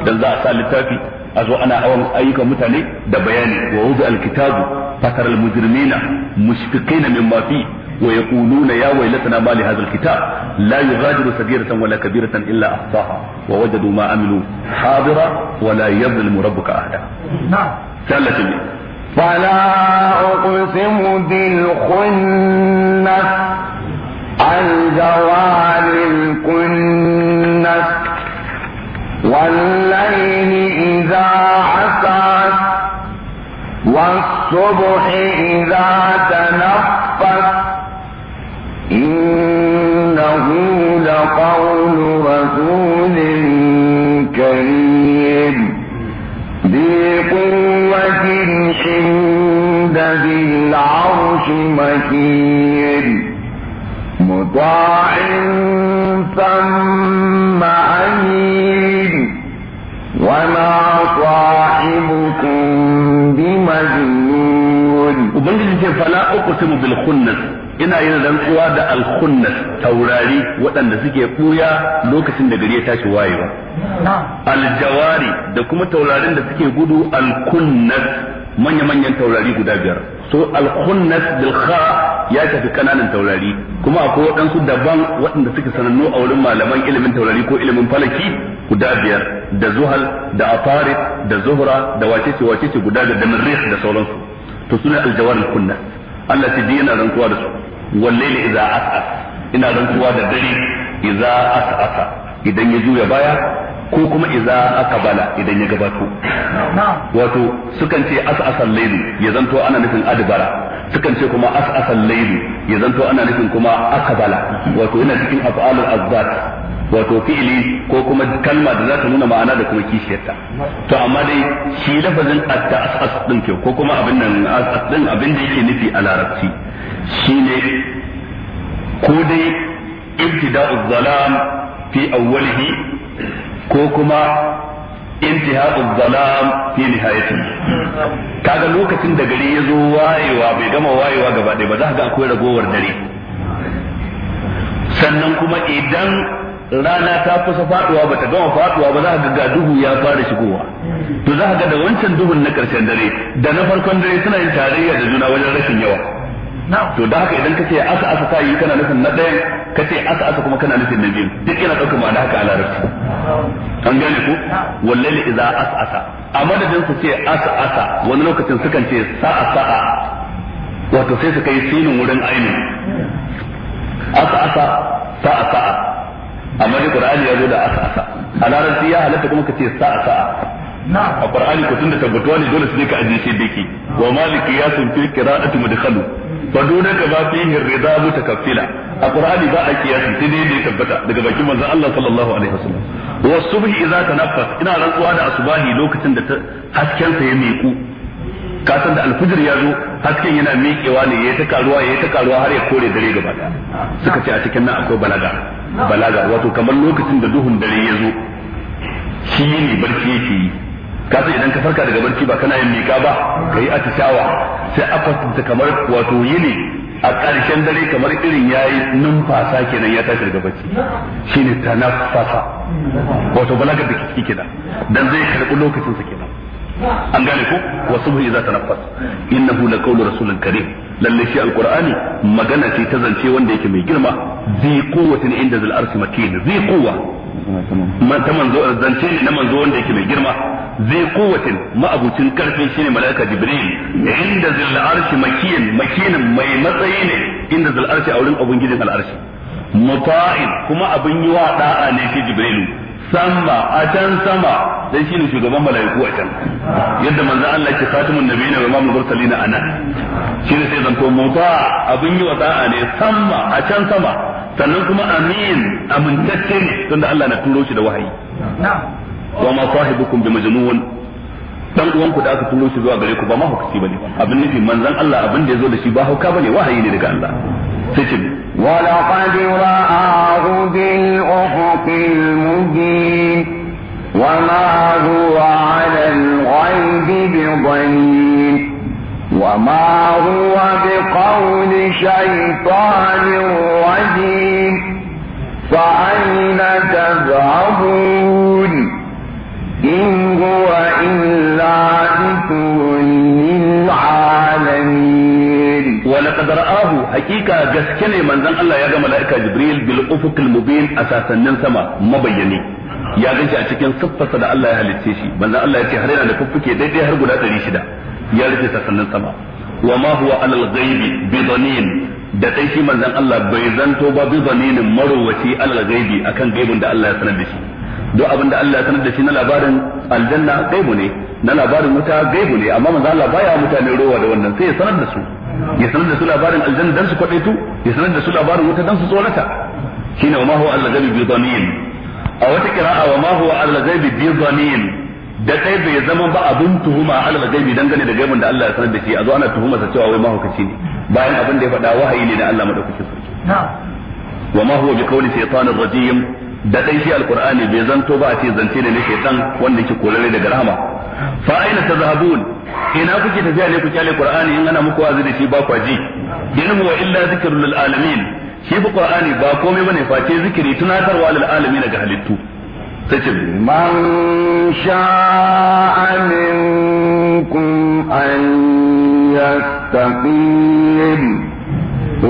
Speaker 1: dan za a sa littafi a zo ana awon ayyukan mutane da bayani wa wuzu alkitabu fatar almujrimina mushfiqina mimma fi wa yaquluna ya waylatana ma li hadha alkitab la yughadiru saghiratan wala kabiratan illa ahsaha wa wajadu ma amilu hadira
Speaker 2: wa la yadhlimu rabbuka ahada
Speaker 3: na'am sallatu
Speaker 2: فلا أقسم بالخنس الجوار الكنس والليل إذا عسعس والصبح إذا تنفس إنه لقول رسول كريم بقوة عند ذي العرش مكين مطاع ثم أمين وما صاحبكم بمجنون
Speaker 1: وبنجد فلا أقسم بالخنس ina yin rantsuwa da alkhunnas taurari waɗanda suke ɓuya lokacin da gari ya tashi wayewa
Speaker 3: aljawari
Speaker 1: da kuma taurarin da suke gudu alkunnas manya-manyan taurari guda biyar so bil kha ya shafi kananan taurari kuma akwai waɗansu daban waɗanda suke sanannu a wurin malaman ilimin taurari ko ilimin falaki guda biyar da zuhal da afarit da zuhra da wacece wacece guda da damirrih da sauransu to suna aljawarul kunna Allah ta ji yana rantsuwa da su wallaili idza asa ina rantsuwa da dare idza asa idan ya juya baya ko kuma iza aka bala idan ya gabato wato sukan ce asa laili ya zanto ana nufin adbara sukan ce kuma as'asal layli ya zanto ana nufin kuma akabala wato ina cikin af'alul azzat wato fi'ili ko kuma kalma da za ta nuna ma'ana da kuma kishiyarta to amma dai shi lafazin atta as'as din ke ko kuma abin nan as'as din abin da yake nufi a larabci shine ko dai ibtida'u zalam fi awwalihi ko kuma intihadul zalam fi nihayati kaga lokacin da gari ya zo wayewa bai gama wayewa gaba ɗaya ba za ga akwai ragowar dare sannan kuma idan rana ta kusa faduwa bata gama faduwa ba za ka ga duhu ya fara shigowa to za ka ga da wancan duhun na karshen dare da na farkon dare suna yin tarayya da juna wajen rashin yawa to da haka idan kace asa asa ta yi kana nufin na ɗayan kace asa asa kuma kana nufin na biyu duk yana ɗaukar ma'ana haka a larabci an gane ku wallahi idza asa asa a madadin su ce asa asa wani lokacin sukan ce sa'a sa'a wato sai su kai sinin wurin aini. asa asa sa'a sa'a amma da qur'ani ya zo da asa asa a larabci ya halatta kuma kace sa'a sa'a a qur'ani ko tunda tabbatuwa ne dole su ne ka ajiye shi dake wa maliki ya sun fi qira'atu mudkhalu fa duna ka ba fihi ridha za a qur'ani ba a kiyasi sai dai ne tabbata daga bakin manzan Allah sallallahu alaihi wasallam wa za ta tanaffas ina rantsuwa da asubahi lokacin da hasken sa ya miku ka da alfijir ya zo hasken yana miƙewa ne yayi ta karuwa ta karuwa har ya kore dare gaba suka ce a cikin nan akwai balaga balaga wato kamar lokacin da duhun dare ya zo shi ne barci yake yi ka san idan ka farka daga barci ba kana yin miƙa ba kai atishawa sai a kwatanta kamar wato yini a ƙarshen dare kamar irin ya yi numfasa kenan ya tashi daga barci shine tanaffasa wato balagar da kike kenan dan zai karɓi lokacin sa kenan an gane ko wa subhi idza tanaffas innahu laqawlu rasulin karim lalle shi alqur'ani magana ce ta zance wanda yake mai girma zi quwwatin inda zal arsi makin zi quwwa
Speaker 2: ta
Speaker 1: manzo zance ne na manzo wanda yake mai girma zai kowatin ma'abucin karfi shine mala'ika jibril inda zil arshi makiyin makiyin mai matsayi ne inda zil arshi a wurin ubangijin al'arshi muta'in kuma abin yi wa da'a ne shi jibrilu sama a can sama dan shine shugaban mala'iku a can yadda manzo Allah ke khatimun nabiyina wa imamul mursalin anan shine sai zanto muta abin yi da'a ne a can sama sannan kuma amin amintacce ne tunda Allah na turo shi da wahayi wa ma sahibukum bi majnun dan uwanku da aka turo shi zuwa gare ku ba mahaukaci bane abin nufi manzon Allah abin da yazo da shi ba hauka bane wahayi ne daga Allah
Speaker 2: sai ce ولقد رآه بالأفق المبين وما هو على الغيب بضنين وما هو بقول شيطان رجيم فأين تذهبون
Speaker 1: laqad ra'ahu haqiqa gaske ne manzon Allah ya ga malaika Jibril bil ufuqil mubin a sasannin sama mabayyani ya ganci a cikin siffarsa da Allah ya halicce shi manzon Allah ya ce har yana da fuffuke daidai har guda 600 ya rufe sasannin sama wa ma huwa alal ghaibi bi dhanin da dai shi manzon Allah bai zanto ba bi dhaninin marwaci alal ghaibi akan gaibin da Allah ya sanar da shi duk abin da Allah ya sanar da shi na labarin aljanna gaibu ne na labarin wuta gaibu ne amma manzo Allah baya mutane rowa da wannan sai ya sanar da su ya sanar da su labarin aljanna dan su tu ya sanar da su labarin wuta dan su tsorata shine wa ma huwa al-ghaibi bi dhanin
Speaker 3: a wata qira'a
Speaker 1: wa ma huwa al-ghaibi bi dhanin da kai bai zama ba abun tuhuma ala al-ghaibi dangane da gaibin da Allah ya sanar da shi a zo ana tuhuma sa cewa wai mahaukaci ne bayan abin da ya faɗa wahayi ne da Allah madaukakin sarki wa ma huwa bi qawli shaytanir rajim da dai shi al-qur'ani bai zanto ba a ce zance ne ne shaytan wanda yake korare daga rahama fa aina tazhabun ina kuke tafiya ne ku kyale qur'ani in ana muku wazi da shi ba ku ji in huwa illa zikrul lil alamin shi ba qur'ani ba komai bane face zikiri tunatarwa lil alamin ga halittu tace
Speaker 2: man sha'a minkum an yastaqim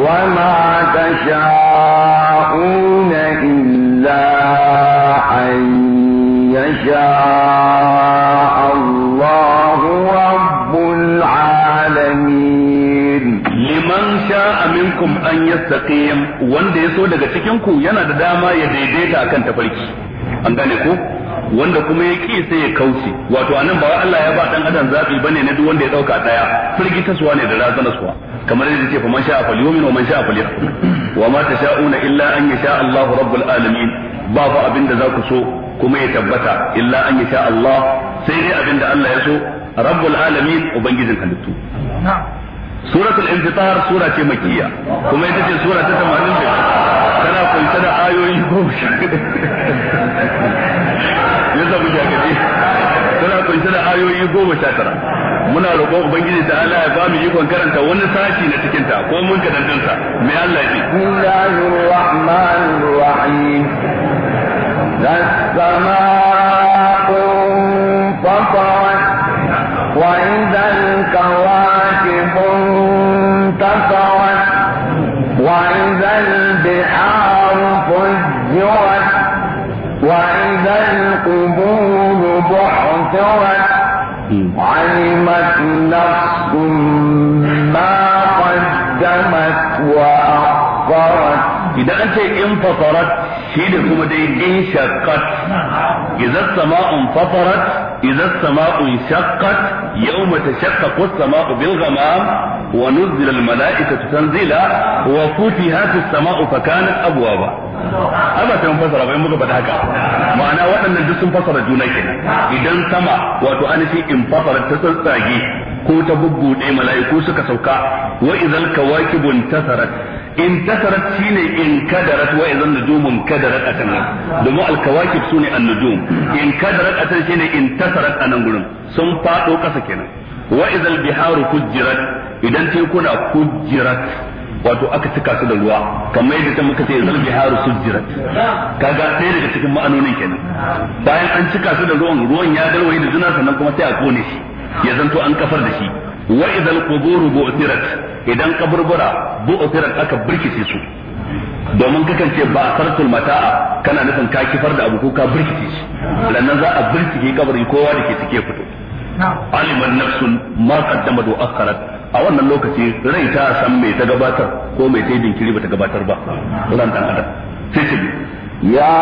Speaker 2: wa ma tasha'una illa an yasha'a
Speaker 1: minkum an yastaqim wanda ya so daga cikin ku yana da dama ya daidaita akan tafarki an gane ko wanda kuma ya ki sai ya kauce wato anan ba Allah ya ba dan adam zabi bane na duk wanda ya dauka daya firgitaswa ne da razanaswa kamar yadda yake fa man sha'a falyumin wa man sha'a falyakfur wa ma tasha'una illa an yasha Allah rabbul alamin ba fa abinda za ku so kuma ya tabbata illa an yasha Allah sai dai abinda Allah ya so rabbul alamin ubangijin halittu na'am suratul infitar sura ce makiyya kuma ita ce sura ta 85 tana kunshe da ayoyi goma sha yadda mu ja gadi tana kunshe da ayoyi goma sha tara muna roƙon ubangiji ta Allah ya ba mu ikon karanta wani
Speaker 2: sashi na cikin ta ko mun kadan kansa mai Allah ya Bismillahir Rahmanir Rahim. الآخرة علمت نفس ما قدمت وأخرت إذا أنت انفطرت
Speaker 1: shi da kuma dai in shaqqat idan sama'un fatarat idan sama'un shaqqat yawma tashaqqaqu as-sama'u bil ghamam wa nuzila al tanzila wa futi as-sama'u fa kanat abwaba amma ta fasara bai muka faɗa haka ma'ana waɗannan duk sun fasara juna kenan idan sama wato an shi in fasara ta tsage ko ta bubbude mala'iku suka sauka wa idzal kawakibun tasarat in tasarat shine in kadarat wa idan nujumun kadarat akan nan domin alkawakib sune annujum in kadarat akan shine in tasarat anan gurin sun fado kasa kenan wa idal biharu kujirat idan tekuna kujirat wato aka cika su da ruwa kamar yadda ta muka ce zal biharu sujirat kaga ɗaya daga cikin ma'anonin kenan bayan an cika su da ruwan ruwan ya dalwaye da zina sannan kuma sai a kone shi ya zanto an kafar da shi wa idal quburu bu'thirat idan kaburbura bu'ufirat aka birkice su domin kakan ce ba sartul mata'a kana nufin ka kifar da abu ko ka birkice shi lannan za a birkice kabari kowa da ke cike fito aliman nafsun ma qaddama wa akharat a wannan lokaci rai ta san me ta gabatar ko me ta jinkiri bata gabatar ba ran dan adam sai ce
Speaker 2: ya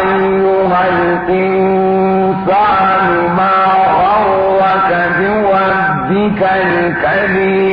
Speaker 2: ayyuhal insanu ma ghawwaka bi al-kabir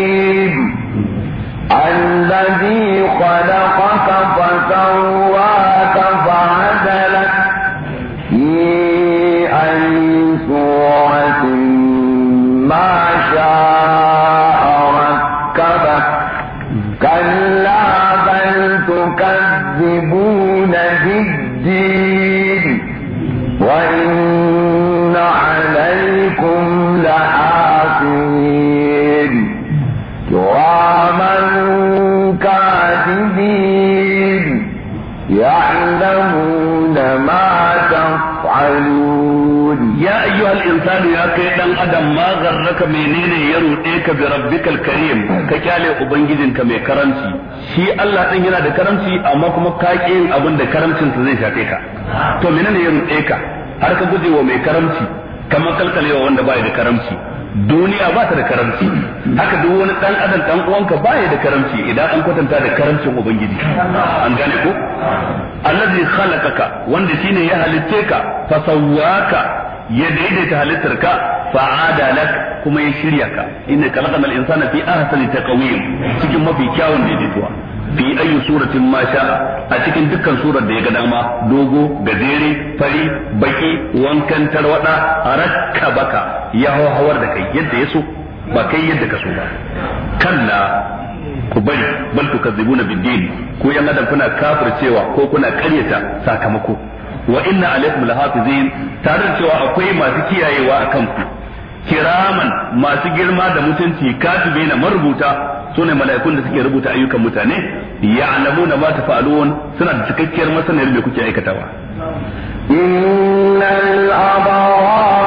Speaker 2: adam ma zarraka menene ya ruɗe ka bi rabbikal karim
Speaker 1: ka kyale ubangijinka mai karamci shi Allah din yana da karamci amma kuma ka yin abin da karamcin sa zai shafe ka to menene ya ruɗe ka har ka guje wa mai karamci kamar kalkalewa wanda baya da karamci duniya ba ta da karamci haka duk wani dan adam dan uwanka baya da karamci idan an kwatanta da karamcin ubangiji an gane ko allazi khalaqaka wanda shine ya halitte ka fa ya daidaita halittar ka. fa'ada lak kuma ya shirya ka inna khalaqal insana fi ahsani taqwim cikin mafi kyawun daidaituwa fi ayi suratin ma sha'a a cikin dukkan surar da ya ga dama dogo gajere fari baki wankan tarwada baka ya hawar da kai yadda ya so ba kai yadda ka so ba kalla ku bari bal tukazzibuna bid-din ko yan adam kuna kafircewa ko kuna karyata sakamako wa inna alaikum lahafizin tare da cewa akwai masu kiyayewa a kanku kiraman masu girma da mutunci katibe na marubuta sune mala'ikun da suke rubuta ayyukan mutane ya na ba ta fa'aluwan suna da cikakkiyar masaniyar mai kuke aikatawa innal
Speaker 2: abara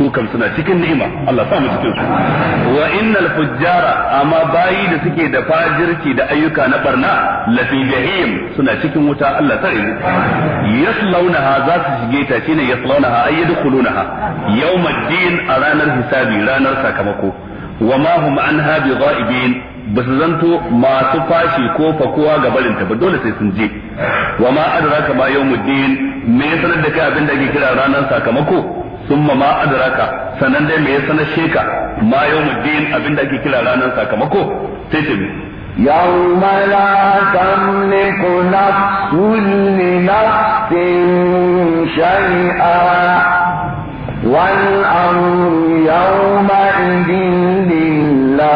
Speaker 2: su kam
Speaker 1: suna cikin ni'ima Allah sa mu cikin su wa innal fujjara amma bayi da suke da fajirci da ayyuka na barna lafi jahim suna cikin wuta Allah sa mu yaslaunaha za su shige ta shine yaslaunaha ayyadkhulunaha yawmaddin a ranar hisabi ranar sakamako wa ma hum anha bi ghaibin ba su zanto masu fashi ko fakowa ga barinta ba dole sai sun je wa ma adraka ma yawmuddin me ya sanar da kai abin da ake kira ranar sakamako Tummama azara ka, sanan dai me yasa na sheka? Amma yau ma den abin da ake kira ranar sakamako? Taita biyu.
Speaker 2: Yau mana tami ku naftule naftin shayi a wan amur, yau man ji ni na.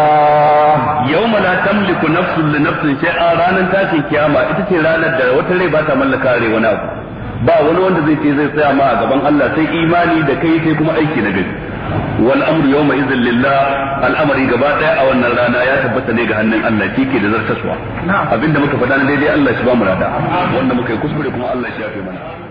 Speaker 2: Yau mana
Speaker 1: tami ku naftule naftin shayi a ranar takin kyama, ita ce ranar da wata rai ba ta mallakare wani abu. ba wani wanda zai ce zai tsaya ma a gaban Allah sai imani da kai sai kuma aiki na gari wal amru yawma idhil lillah al'amari gaba daya a wannan rana ya tabbata ne ga hannun Allah kike da zartaswa
Speaker 4: abinda muka faɗa na daidai Allah shi ba mu rada wanda muka yi kuskure kuma Allah shi ya fi mana